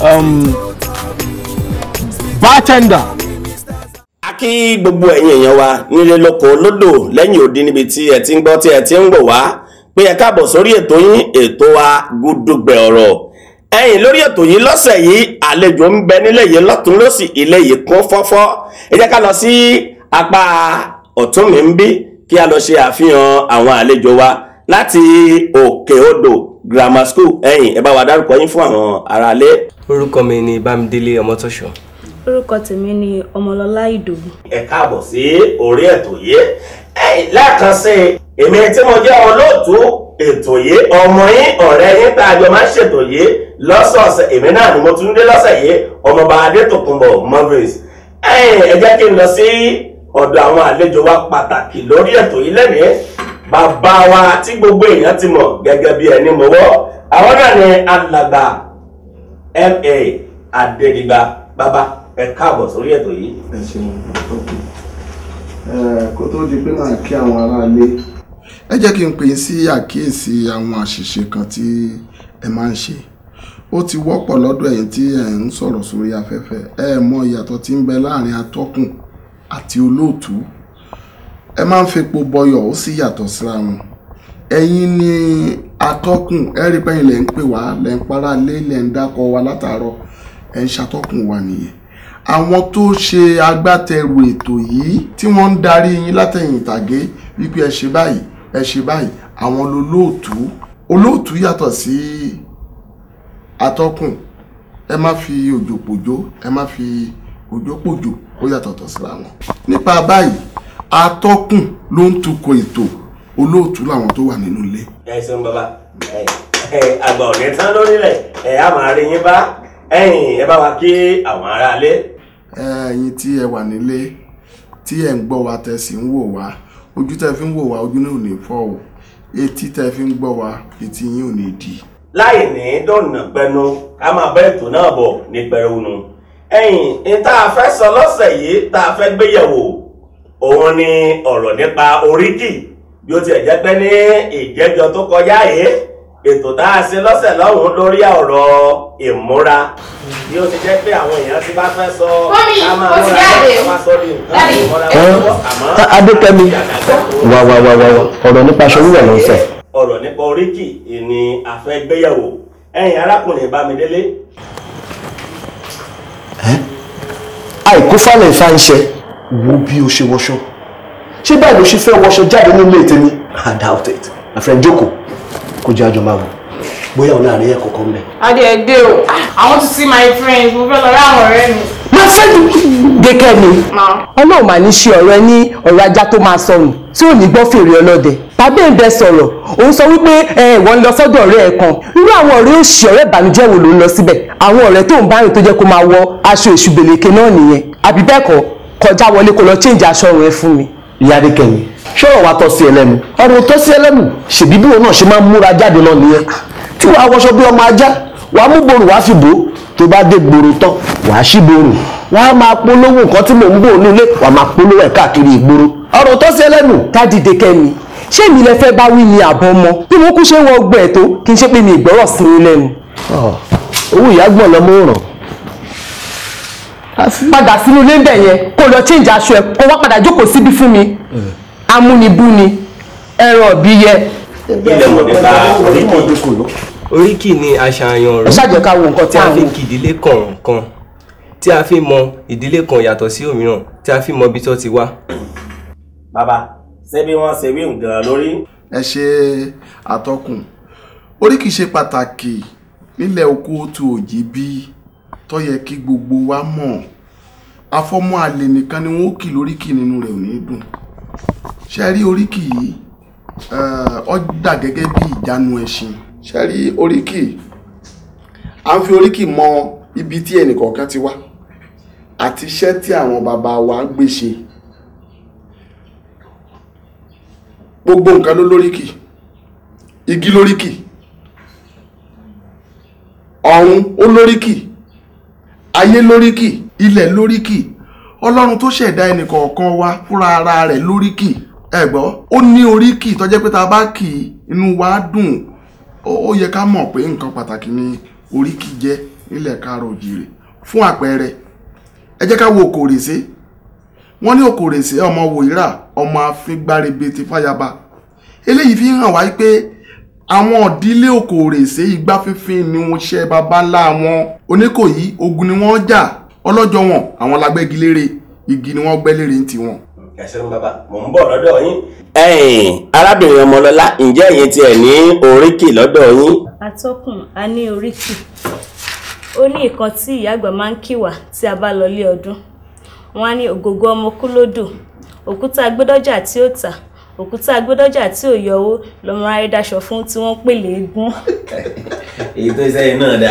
Um, bartender. A kí gbogbo ẹ̀yin èèyàn wa nílé lóko lódò lẹ́yìn odi níbi tí ẹ ti ń gbọ́ tí ẹ ti ń wò wá pé ẹ káàbọ̀ sórí ètò yín ètò wa Gúdúgbẹ̀ Ọ̀rọ̀ ẹ̀yin lórí ètò yìí lọ́sẹ̀ yìí àlejò ń bẹ nílé yìí lọ́tún lọ́sì ilé yìí kún fọ́fọ́ ẹ jẹ́ ká lọ sí apá ọ̀tún mi ń bí kí a lọ ṣe àfihàn àwọn àlejò wa láti òkè odò grammar school ẹ̀yin ẹ bá wa dárúkọ yín fún àwọn aráalé. orúkọ mi ni bámidélé ọmọtọ́ṣọ orúkọ tèmi ni ọmọlọlá ìdòwú. ẹ káàbọ̀ sí orí ètò yìí ẹ̀yin lẹ́ẹ̀kan sí èmi tí mo jẹ́ olóòtú ètò yìí ọmọ yín ọ̀rẹ́ yín tá a jọ máa ń ṣètò yìí lọ́sọ̀ọ̀sẹ̀ èmi náà ni mo tún dé lọ́sẹ̀ yìí ọmọọba adétòkunbọ̀ Morris ẹ jẹ́ kí n lọ sí ọ̀dọ̀ àwọn àlejò wa pàtàkì lórí ètò yìí lẹ́nìí bàbá wa tí gbogbo èèyàn ti mọ̀ gẹ́gẹ́ bí ẹni mọ̀wọ́ àwọn náà ni alàgbà ma adédìgbà bàbá ẹ káàbọ̀ sórí ètò yìí. ẹ ṣeun kó tó di pé náà kí àwọn aráalé ẹ jẹ́ kí n pè yín sí àkíyèsí àwọn àṣìṣe kan tí ẹ máa ń ṣe ó ti wọ́pọ̀ lọ́dọ̀ ẹ̀yin tí ẹ ń sọ̀rọ̀ sórí afẹ́fẹ́ ẹ mọ ìyàtọ̀ tí ń bẹ láàrin atọ́kùn àti olóòtú ẹ máa ń fepo bọyọ̀ ó sì yàtọ̀ síra wọn ẹ̀yin ni atọ́kùn ẹ rí pẹ́yìn lẹ́ ń pè wá lẹ́ ń para lé lẹ́ ń dákọ̀ wá látàárọ̀ ẹ̀ ń ṣatọ́kùn wa nìyẹn àwọn tó ṣe agbátẹrù ètò yìí tí wọ́n ń darí yín látẹ̀yìn ìtàgé wípé ẹ ṣe báyìí ẹ ṣe báyìí àwọn olóòtú olóòtú yàtọ̀ sí atọ́kùn ẹ má fi òjò pòjó ẹ má fi òjò pòjò ó yàtọ̀ tọ̀ síra wọn. nípa báyìí atọ́kùn ló ń tukọ̀ ètò olóòtú làwọn tó wà nínú ilé. ẹ ṣeun bàbá àgbà ọ̀nì tán lórílẹ̀ ẹ̀ á máa rí yín bá ẹ̀yìn ẹ bá wa kí àwọn aráalé. ẹ̀yin tí ẹ wà nílé tí ẹ ń gbọ́ wa tẹ́ ń wò wá ojú tẹ́ fi ń wò wá ojú náà ò ní fọ́ o etí tẹ́ fi ń gbọ́ wá etí yín ò ní di. láì ní dọ̀nà pẹnu ká máa bá ètò náà bọ̀ ní pẹrẹwùnú ẹ̀yìn ní tá a sọ lọ́sẹ̀ yìí tá a fẹ́ gbéyẹ̀wò òun ni ọ̀rọ̀ nípa oríkì bí ó tiẹ̀ jẹ́ pé ní ìjẹ́jọ tó kọjá yìí ètò tá a ṣe lọ́sẹ̀ lọ́hùn-ún lórí ọ̀rọ̀ ìmúra bí ó ti jẹ́ pé àwọn èèyàn ti bá fẹ́ sọ ká máa múra ká máa sọ ní nǹkan ìmúra lọ́wọ́ àmọ́. adékẹ́mi wà wà wà wà ọ̀rọ̀ nípa aṣọ wíwẹ̀ ló ń fẹ́. ọ̀rọ̀ nípa oríkì ni a fẹ́ gbéyàwó ẹ̀yin arákùnrin bámidélé. àìkú falẹ̀ ìfà ń ṣe wo bí o ṣe wọṣọ ṣé báyìí ló ṣe fẹ́ wọṣọ jáde nílé tèmi i doubt it my friend Joko kó jẹ́ àjọ máa wò bóyá òun láàrin ẹ̀kọ́ kan bẹ̀. o ah, i want to see my friends mo fẹ́ lọ rí àwọn ọ̀rẹ́ mi. má ṣe gẹ́gẹ́ mi ọlọ́run mà ní ṣe ọ̀rẹ́ ní ọ̀rọ̀ ajá tó máa sọnù tí ò ní gbọ́ fèrè ọlọ́dẹ tàbí ẹ̀ ń bẹ sọ̀rọ̀ òun sọ wípé ẹ ìwọ ń lọ sọ́dọ̀ ọ̀rẹ́ ẹ̀ kan irú àwọn ọ̀rẹ́ òṣì ọ̀rẹ́ ìbànújẹ́ wo ló ń lọ síbẹ̀ àwọn ọ̀rẹ́ tó ń bá rìn tó jẹ́ kó máa wọ aṣọ èṣù gbèlèké náà nìyẹn àbí bẹ́ẹ̀ kọ́ kọjá wọlé kó lọ change aṣọ rẹ̀ fún mi. ìyá adékẹ́mi ṣọ́rọ̀ wa tọ́ sí ẹlẹ́nu ọ̀rọ̀ tọ́ sí ẹlẹ́nu ṣèbí bí náà ṣe máa ń múra jáde lọ nìyẹn tí wàá wọṣọ bí ọmọ ajá wàá mú borò wàá fi bò ó tó bá dé gbòòrò tán wàá ṣí wàá máa polówó nǹkan tí mò ń bò nílé wàá máa polówó ẹ̀ káàkiri ìgboro ọ̀rọ̀ tọ́ sí ẹlẹ́nu ká ni àbọ̀ ọmọ bí mo kú ṣe wọ ọgbẹ́ ẹ̀ tó kí amúnibúni ẹran ọ̀bí yẹ. ilẹ̀ bá oríkì ìdókòló. oríkì ni àṣàyàn ọ̀rọ̀ tí a fi ń kí ìdílé kọ̀ọ̀kan tí a fi mọ ìdílé kan yàtọ̀ sí òmíràn tí a fi mọ ibi tó ti wá. bàbá ṣé bí wọ́n ṣe wí nǹkan lórí. ẹ ṣe àtọkùn oríkì ṣe pàtàkì nílẹ̀ oko tó òjì bíi tó yẹ kí gbogbo wa mọ̀ afọ́mọ́ àlè nìkan ni wọ́n kì lóríkì nínú rẹ̀ ò ní dùn ṣe rí oríkì yìí ó dà gẹ́gẹ́ bí ìjánu ẹṣin ṣe rí oríkì à ń fi oríkì mọ ibi tí ẹnìkọ̀ọ̀kan ti wá àti iṣẹ́ tí àwọn bàbá wa ń gbé ṣe gbogbo nǹkan ló lóríkì igi lóríkì ọ̀run ó lóríkì ayé lóríkì ilẹ̀ lóríkì ọlọ́run tó ṣẹ̀dá ẹnìkọ̀ọ̀kan wa fúnra ara rẹ̀ lóríkì ẹ gbọ́ ó ní oríkì tó jẹ́ pé tá a bá kì í inú wa dùn ó yẹ ká mọ̀ pé nǹkan pàtàkì ni oríkì jẹ́ nílẹ̀ káàrọ̀ òjìrè fún àpẹẹrẹ ẹ jẹ́ ká wo òkòrèsé wọ́n ní òkòrèsé ọmọ wòyíra ọmọ afíngbárebe ti fáyaba eléyìí fi hàn wáyé pé àwọn ìdílé òkòrèsé igbá fífín ni wọ́n ṣe baba ńlá wọn oníkòyí ogun ni wọ́n jà ọlọ́jọ́ wọn àwọn lágbẹ́gilére igi ni wọ́n gbẹ́lére tiwọn ẹ̀sìn bàbá mò ń bọ̀ lọ́dọ̀ yín. ẹ̀yin arábìnrin ọmọlọ́lá ǹjẹ́ ẹ̀yin tiẹ̀ ní oríkì lọ́dọ̀ yín. atọ́kùn a ní oríkì ó ní nǹkan tí ìyá àgbà máa ń kì wá tí a bá lọlé ọdún wọn á ní ògògó ọmọ kú lódò òkúta gbẹdọjà tí ó tà òkúta gbẹdọjà tí ò yọwó lọmọ ayé daṣọ fún tí wọ́n pè léegun. *laughs* èyí tó ṣe é náà dá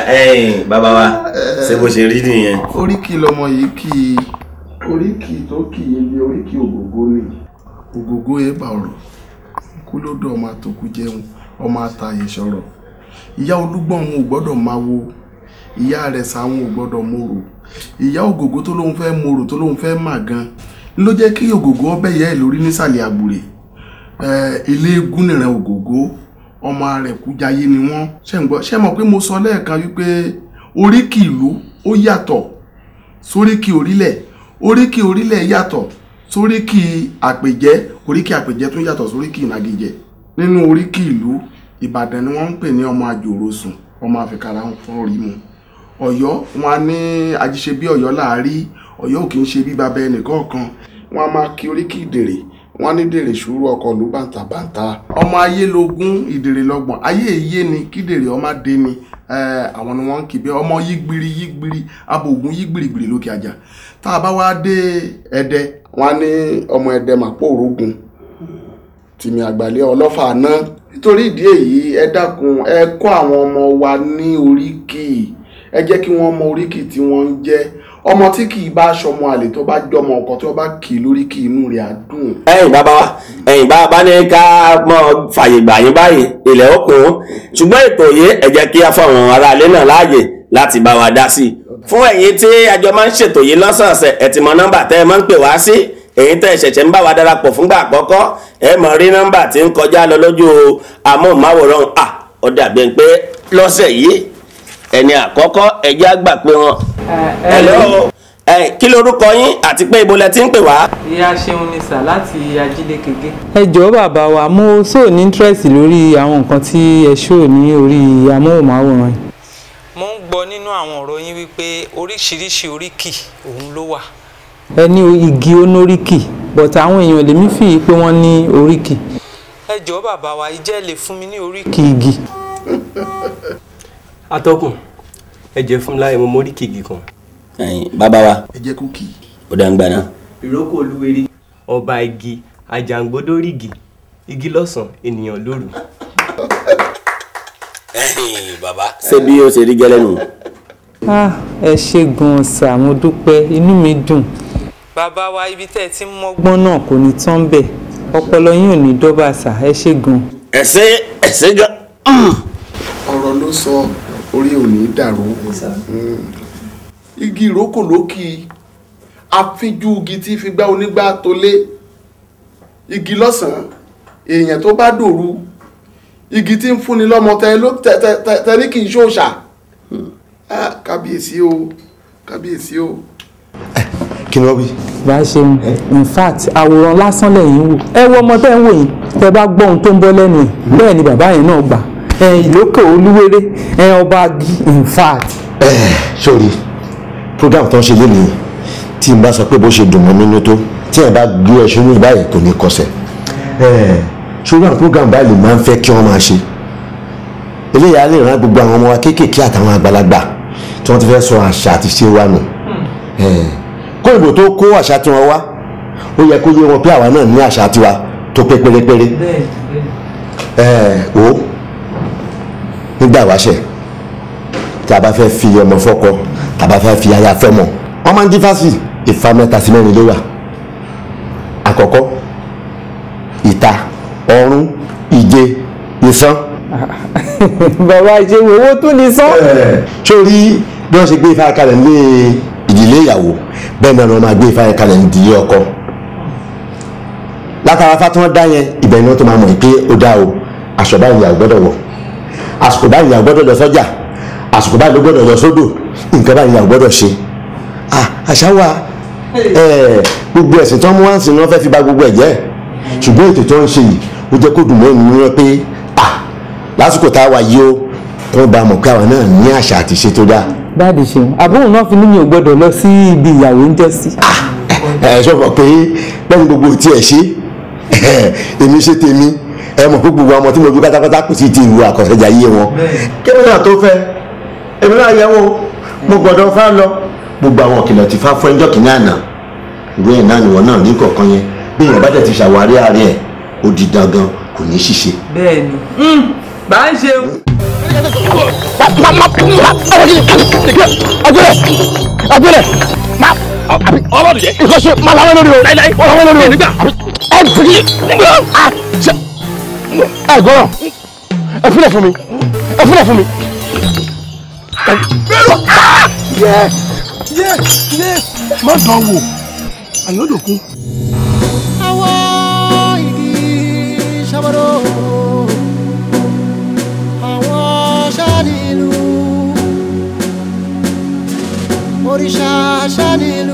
bàbá wa ṣé bó ṣe rí nìyẹn. oríkì lọmọ yìí kì í oríkì tó kì í bí oríkì ògógó ni. ògógó yẹn bá ọ̀rọ̀ kú lọ́dọ̀ ọmọ àtòkù jẹun ọmọ àtàyè sọ̀rọ̀ ìyá olúgbọ́n òun ò gbọ́dọ̀ máa wo ìyá rẹ̀ sáwọn ò gbọ́dọ̀ mòrò ìyá ògógó tó lóun fẹ́ mòrò tó lóun fẹ́ mà gan ló jẹ́ kí ògógó ọbẹ̀ yẹ ẹ̀ lórí nísàlẹ̀ àgbèrè ilé eégún ògógó ọmọ rẹ̀ kújayé ni wọ́n ṣe mọ̀ pé mo sọ lẹ́ẹ̀kan wípé oríkì ìlú ó yàtọ̀ sóríkì orílẹ̀ oríkì orílẹ̀ yàtọ̀ sóríkì àpèjẹ oríkì àpèjẹ tó yàtọ̀ sóríkì ìnagijẹ nínú oríkì ìlú ìbàdàn ni wọ́n ń pè ní ọmọ sùn ọmọ àfikàrà fún orí mu ọ̀yọ́ wọn ní ajíṣe bí ọ̀yọ́ láàárí ọ̀yọ́ ò kì í ṣe bí bàbá ẹnìkọ̀ọ̀kan wọn máa kí oríkì ìdèrè wọn sùúrù ọkọ ọmọ ayé ni ọmọ ni àwọn ni ń ọmọ abògùn tá a bá wá dé ẹdẹ wọn á ní ọmọ ẹdẹ màpòrógùn tìmí àgbàlẹ ọlọ́fà náà nítorí ìdí èyí ẹ dákun ẹ kọ́ àwọn ọmọ wa ní oríkì ẹ jẹ́ kí wọ́n mọ oríkì tí wọ́n ń jẹ́ ọmọ tí kì í bá aṣọmọ àlè tó bá jọmọ ọkọ tí wọ́n bá kì í lórí kì í inú rẹ̀ á dùn. ẹ̀yin bàbá wa ẹ̀yin bàbá bá ní ká mọ fàyè gbà yín báyìí ilẹ̀ òkun ṣùgbọ́n ètò yìí ẹ kí á fáwọn aráalé náà láàyè láti bá wa dá sí i fún ẹ̀yin tí àjọ máa ń ṣètò yìí lọ́sọ̀ọ̀sẹ̀ ẹ ti mọ nọ́mbà tẹ́ ẹ máa ń pè wá sí èyí tẹ́ ṣẹ̀ṣẹ̀ ń bá wa darapọ̀ fúngbà àkọ́kọ́ ẹ mọ̀ rí nọ́mbà tí ń kọjá lọ lójú amóhùnmáwòrán à ó dàbí pé lọ́sẹ̀ yìí ẹni àkọ́kọ́ ẹjẹ́ àgbà pé wọn. hello ẹ kí lorúkọ yín àti pé ibo lẹ ti ń pè wá. ẹ jọ̀ọ́ bàbá wa mo so ní interest lórí àwọn nǹkan tí ẹ ṣó ní orí amóhùnmáwòrán yìí gbọ́ nínú àwọn ọ̀rọ̀ yín wípé oríṣiríṣi oríkì òun ló wà. ẹ ní igi onóríkì but àwọn èèyàn lèmi fi yìí pé wọ́n ní oríkì. ẹ jọ̀ọ́ bàbá wa ìjẹ́ lè fún mi ní oríkì igi. atọ́kùn ẹ jẹ́ fún láyé mo mórí kìgì kan. bàbá wa ẹ jẹ́ kúkì. ó dá ń gbà náà. ìrókò olúwerí ọba igi àjàngbódórígi igi lọ́sàn-án ènìyàn lóru bàbá. ṣé bí o ṣe rí gẹ́lẹ́ nù. Ah, ẹ ṣe gan-an sà mo dúpẹ́ inú mi dùn. bàbá wa ibi tẹ́ ẹ ti ń mọ́gbọ́n náà kò ní tán bẹ̀ ọpọlọ yín ò ní dọ́bà sà ẹ ṣe gan-an. ẹ̀sẹ̀ ẹ̀sẹ̀ gan. ọ̀rọ̀ ló sọ orí ò dàrú mm. igi ìrókò lókì afínjú igi tí fi gbá onígbà tó lé igi lọ́sàn-án èèyàn tó bá dòru igi tí ń fúnni lọ́mọ tẹ ní kì í ṣòòṣà hmm. ah, kábíyèsí o kábíyèsí o. Eh, kí ni wọ́n wí. bá a ṣe eh? in fact àwòrán lásán lẹ́yìn wò ẹ wo ọmọ tẹ́ ń wò yín tẹ́ bá gbọ́ ohun tó ń bọ́ lẹ́nu ẹ̀ hmm. bẹ́ẹ̀ ni bàbá yẹn náà gbà ìlókè olúwéré ọba agi in fact. Eh, sórí program tó ń ṣe lénìí tí n bá sọ pé bó ṣe dùn mọ́ nínú tó tí ẹ bá gbé ẹ ṣubú báyìí kò ní kọsẹ̀ ṣùgbọ́n program báyìí máa ń fẹ́ kí wọ́n máa ṣe eléyà lè rán gbogbo àwọn ọmọ wa kéékèèké àtàwọn àgbàlagbà tí wọ́n ti fẹ́ sọ àṣà àti ṣe wa nù kó ìbò tó kó àṣà tiwọn wá ó yẹ kó yé wọn pé àwa náà ní àṣà tiwa tó pé pérépéré o nígbà wáṣẹ tí a bá fẹ́ fi ọmọ fọ́kọ tí a bá fẹ́ fi aya fẹ́ mọ̀ wọ́n máa ń dín fásitì ìfà mẹ́ta sí mẹ́rin ló wà àkọ́kọ́ ìta ọ̀run ìje ìsan. *laughs* bàbá ìṣèwé owó tún ní sán. sórí bí wọ́n ṣe gbé ifá kalẹ̀ nílé ìdílé ìyàwó bẹ́ẹ̀ náà ni wọ́n máa gbé ifá kalẹ̀ nídìí ọkọ látara fátúmọ̀ dá yẹn ìbẹ̀rẹ̀ náà tó máa mọ̀ pé ó dá o aṣọ báyìí ìyàwó gbọ́dọ̀ wọ̀ àsìkò báyìí ìyàwó gbọ́dọ̀ lọ sọ́jà àsìkò báyìí ló gbọ́dọ̀ lọ sódò nǹkan báyìí ìyàwó gbọ́dọ̀ ṣe àṣà wa gbogbo ẹ̀sìn tó ń mú wá ń sìn ni wọ́n fẹ́ fi ba gbogbo ẹ̀ jẹ́ ṣùgbọ́n ètò tó ń ṣe yìí ó jẹ́ kó dùn mẹ́rin ní wọn pé à lásìkò tá a wà yìí ó wọ́n bá mọ̀ pé àwọn náà ní àṣà àti ìṣe tó dáa. dáàdì ṣeun àbúrò náà fi ní mi ò gbọdọ̀ lọ sí ibi ìyàwó ń jẹ́ sí. ẹ ẹ sọfọ pé lẹ́yìn gbogbo tí ẹ ṣe *laughs* èmi ṣe tèmi ẹ mọ̀ pé gbogbo ọmọ tí mo bí pátápátá kò sí ti ìwé àkọsẹ́jà yé wọn. kébí náà tó fẹ́ èmi náà yẹ wo mo gbọ́dọ̀ fá lọ gbogbo àwọn òkìlọ̀ ti fá fún ẹjọ́ kìnìún àná ìwé ìnáwó náà ní kọ̀ọ̀kan yẹn bí èèyàn bá tẹ̀ ti ṣàwárí àárẹ̀ ó di dandan kò ní ṣiṣẹ́. bẹ́ẹ̀ni bá ń ṣe. agbẹrẹ agbẹrẹ ma ọmọ dùn jẹ ìkọsọ ma làwọn lórí o láíláí wọn làwọn lórí o nígbà ẹ jìgì ẹ gbọ́rọ̀ ẹ fúnlẹ̀ fún mi ẹ fúnlẹ̀ fún mi. má dán wò àyọ̀dọ̀kun. já já